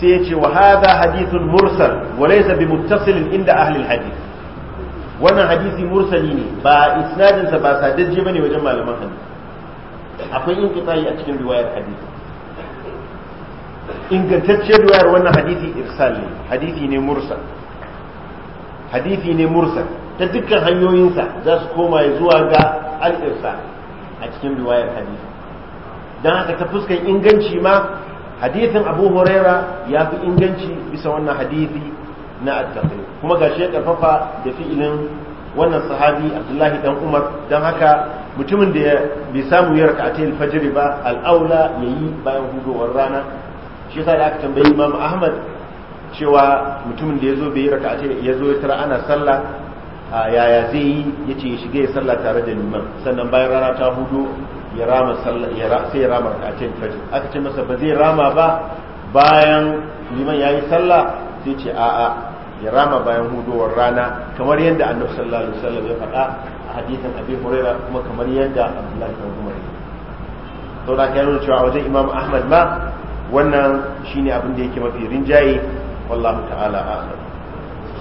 sai yace ce wa hadha hadithun mursal wa laysa bi muttasil inda ahli hadith wannan hadisi mursali ne ba isnadin sa ba sadajje bane wajen malaman hadisi akwai inqita'i a cikin riwayar hadisi ingantacce riwayar wannan hadisi irsal ne hadisi ne mursal hadisi ne mursal ta dukkan hanyoyinsa za su koma zuwa ga al'irsa a cikin riwayar hadisi don haka ta fuskan inganci ma hadithin abu huraira ya fi inganci bisa wannan hadithi na attaqi kuma ga shi ya karfafa da fi'ilin wannan sahabi abdullahi dan umar don haka mutumin da bai samu ya raka ta fajiri ba al'aula ya yi bayan hudowar rana shi sa da aka tambayi imam ahmad cewa mutumin da ya zo bai yi raka ya zo ya tara ana sallah A yaya zai yi ya ce ya shiga ya sallah tare da liman sannan bayan rana ta hudu ya rama sai ya rama a cikin fajr aka ce masa ba zai rama ba bayan liman ya yi sallah sai ce a'a ya rama bayan hudowar rana kamar yadda annabi sallallahu alaihi wasallam ya faɗa a hadisin abi huraira kuma kamar yadda abdullahi bin umar to da kai cewa wajen imam ahmad ma wannan shine abin da yake mafi rinjaye wallahu ta'ala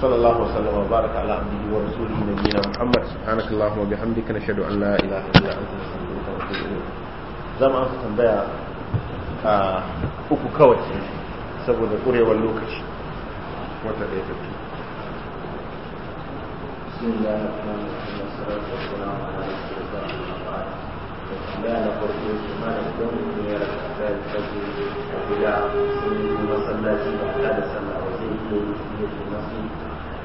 صلى الله وسلم وبارك على عبده ورسوله نبينا محمد سبحانك اللهم وبحمدك نشهد ان لا اله الا انت نستغفرك ونتوب اليك زعما انت تنبيا اوكو آه، كوت سبب قري واللوكش وانت بسم الله الرحمن الرحيم والصلاه والسلام على رسول الله وعلى اله وصحبه اجمعين. لا نقول ما نقول من يرى الكفايه الفجر وصلاه وحدث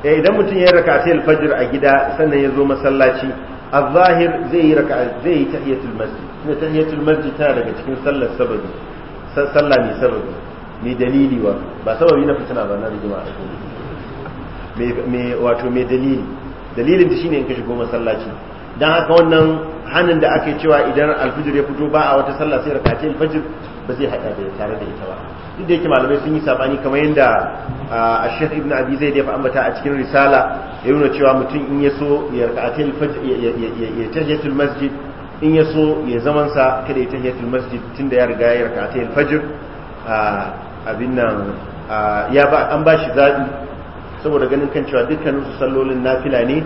eh idan mutum ya raka sai alfajir a gida sannan ya zo masallaci al-zahir zai yi raka zai yi tahiyatul masjid ne tahiyatul masjid tana daga cikin sallar sababi sallah mai sababi mai dalili wa ba sababi na fitina ba na rigima a me wato mai dalili dalilin ta shine in ka shigo masallaci dan haka wannan hanin da ake cewa idan alfajir ya fito ba a wata sallah sai raka sai alfajir ba zai haɗa da tare da ita ba duk da yake malamai sun yi sabani kamar yadda a shekh ibn abi zai dafa ambata a cikin risala ya nuna cewa mutum in ya so ya rakatil ya tahiyatul masjid in ya so ya zaman sa kada ya tahiyatul masjid tun da ya riga ya rakatil fajr abin nan ya ba an ba shi zabi saboda ganin kan cewa dukkanin su sallolin nafila ne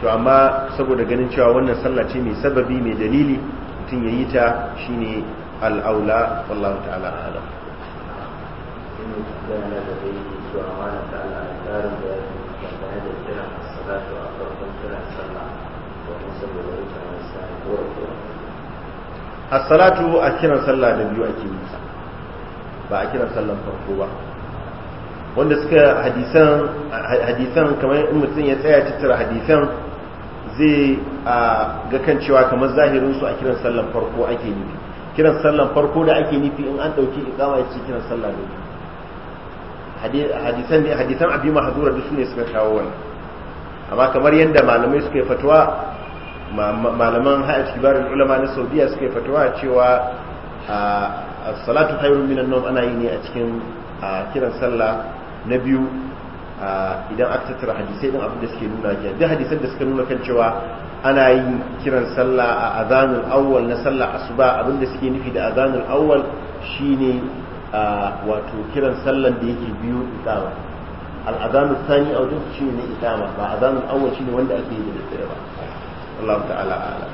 to amma saboda ganin cewa wannan sallah ce mai sababi mai dalili mutum ya yi ta shine al'aula wallahu ta'ala alam as-salatu a kiran sallah da biyu ake yi ba a wanda suka hadisan hadisan kamar in mutum ya tsaya tattara hadisan zai ga kan cewa kamar zahirin su a kiran sallan farko ake nufi kiran sallan farko da ake nufi in an ɗauki iqama ya ce kiran sallah ne hadisan ne hadisan abi mahzura da su ne suka kawo wannan amma kamar yadda malamai suka yi fatuwa malaman hayat kibarul ulama na saudiya suka yi fatuwa cewa salatu khairun minan nawm ana yi ne a cikin kiran sallah na biyu idan aka tattara hadisai din abin da suke nuna ke duk hadisan da suka nuna kan cewa ana yin kiran sallah a azanul awwal na sallah asuba abin da suke nufi da azanul awwal shine wato kiran sallan da yake biyo iqama al azanul thani a wajen shine ne iqama ba azanul awwal shine wanda ake yi da tsaya ba Allah ta'ala ala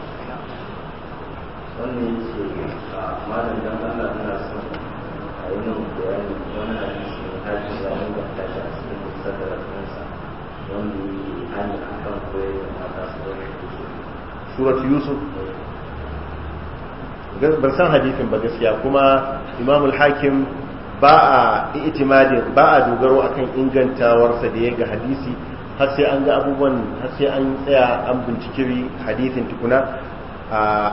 wannan yake malam dan Allah tana son a yi nan bayani wannan hadisi ne hadisi da suratu yusuf ban san hadisin ba gaskiya kuma imamul hakim ba a itimadin ba a dogaro akan ingantawarsa da ya ga hadisi har sai an ga abubuwan har sai an tsaya an binciki hadisin tukuna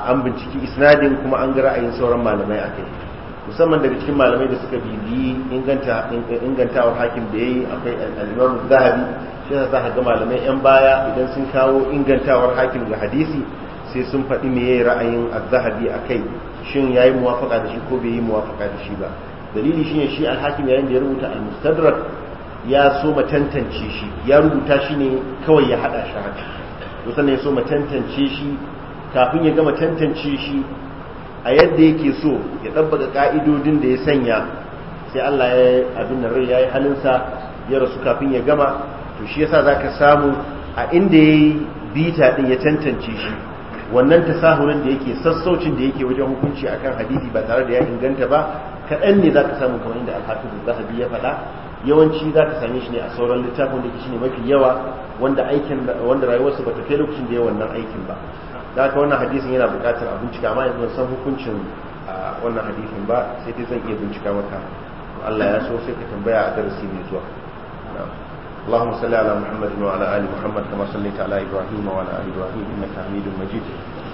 an binciki isnadin kuma an ga ra'ayin sauran malamai akai musamman daga cikin malamai da suka bibiyi ingantawar hakim da ya yi akwai al'imam zahabi shi za ka ga malamai yan baya idan sun kawo ingantawar hakim ga hadisi sai sun faɗi me yayi ra'ayin az-zahabi kai shin yayi muwafaqa da shi ko bai yi muwafaqa da shi ba dalili shine shi al-hakim yayin da ya rubuta al-mustadrak ya so tantance shi ya rubuta shi ne kawai ya haɗa shi haka to sannan ya so tantance shi kafin ya gama tantance shi a yadda yake so ya ɗabbaka ka'idodin da ya sanya sai Allah ya abin da rai ya yi halinsa ya rasu kafin ya gama to shi yasa zaka samu a inda yayi bita din ya tantance shi wannan tasahurin da yake sassaucin da yake wajen hukunci akan hadisi ba tare da ya inganta ba kaɗan ne zaka samu kamar inda al-hafiz zahabi ya faɗa yawanci za ka same shi ne a sauran littafin da ke shine mafi yawa wanda aikin wanda rayuwarsa ba ta kai lokacin da ya wannan aikin ba da ka wannan hadisin yana buƙatar a bincika amma yanzu san hukuncin wannan hadisin ba sai dai zan iya bincika maka Allah ya so sai ka tambaya a darasi mai zuwa اللهم صل على محمد وعلى ال محمد كما صليت على ابراهيم وعلى ال ابراهيم انك حميد مجيد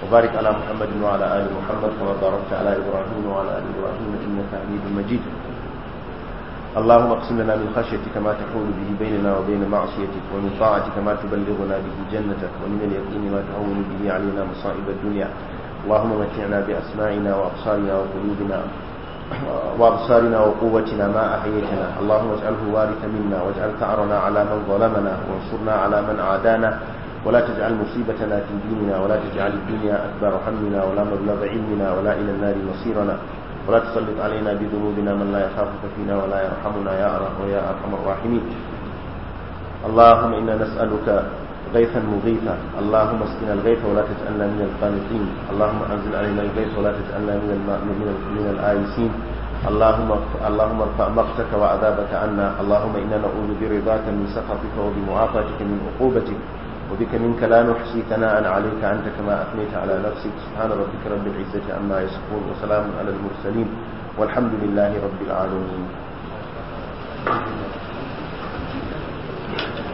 وبارك على محمد وعلى ال محمد كما باركت على ابراهيم وعلى ال ابراهيم انك حميد مجيد اللهم اقسم لنا من خشيتك ما تحول به بيننا وبين معصيتك ومن طاعتك ما تبلغنا به جنتك ومن اليقين ما تهون به علينا مصائب الدنيا اللهم متعنا بأسماعنا وأبصارنا وقلوبنا وأبصارنا وقوتنا ما أحييتنا اللهم اجعله وارث منا واجعل ثأرنا على من ظلمنا وانصرنا على من عادانا ولا تجعل مصيبتنا في ديننا ولا تجعل الدنيا أكبر همنا ولا مبلغ علمنا ولا إلى النار مصيرنا ولا تسلط علينا بذنوبنا من لا يخافك فينا ولا يرحمنا يا أرحم ويا أرحم الراحمين اللهم إنا نسألك غيثا مغيثا اللهم اسقنا الغيث ولا تجعلنا من القانطين اللهم انزل علينا الغيث ولا تجعلنا من الماء من, من الآيسين اللهم اللهم ارفع مقتك وعذابك عنا اللهم انا نعوذ برضاك من سخطك وبمعافاتك من عقوبتك وبك منك لا نحصي ثناء عليك انت كما اثنيت على نفسك سبحان ربك رب العزه عما يصفون وسلام على المرسلين والحمد لله رب العالمين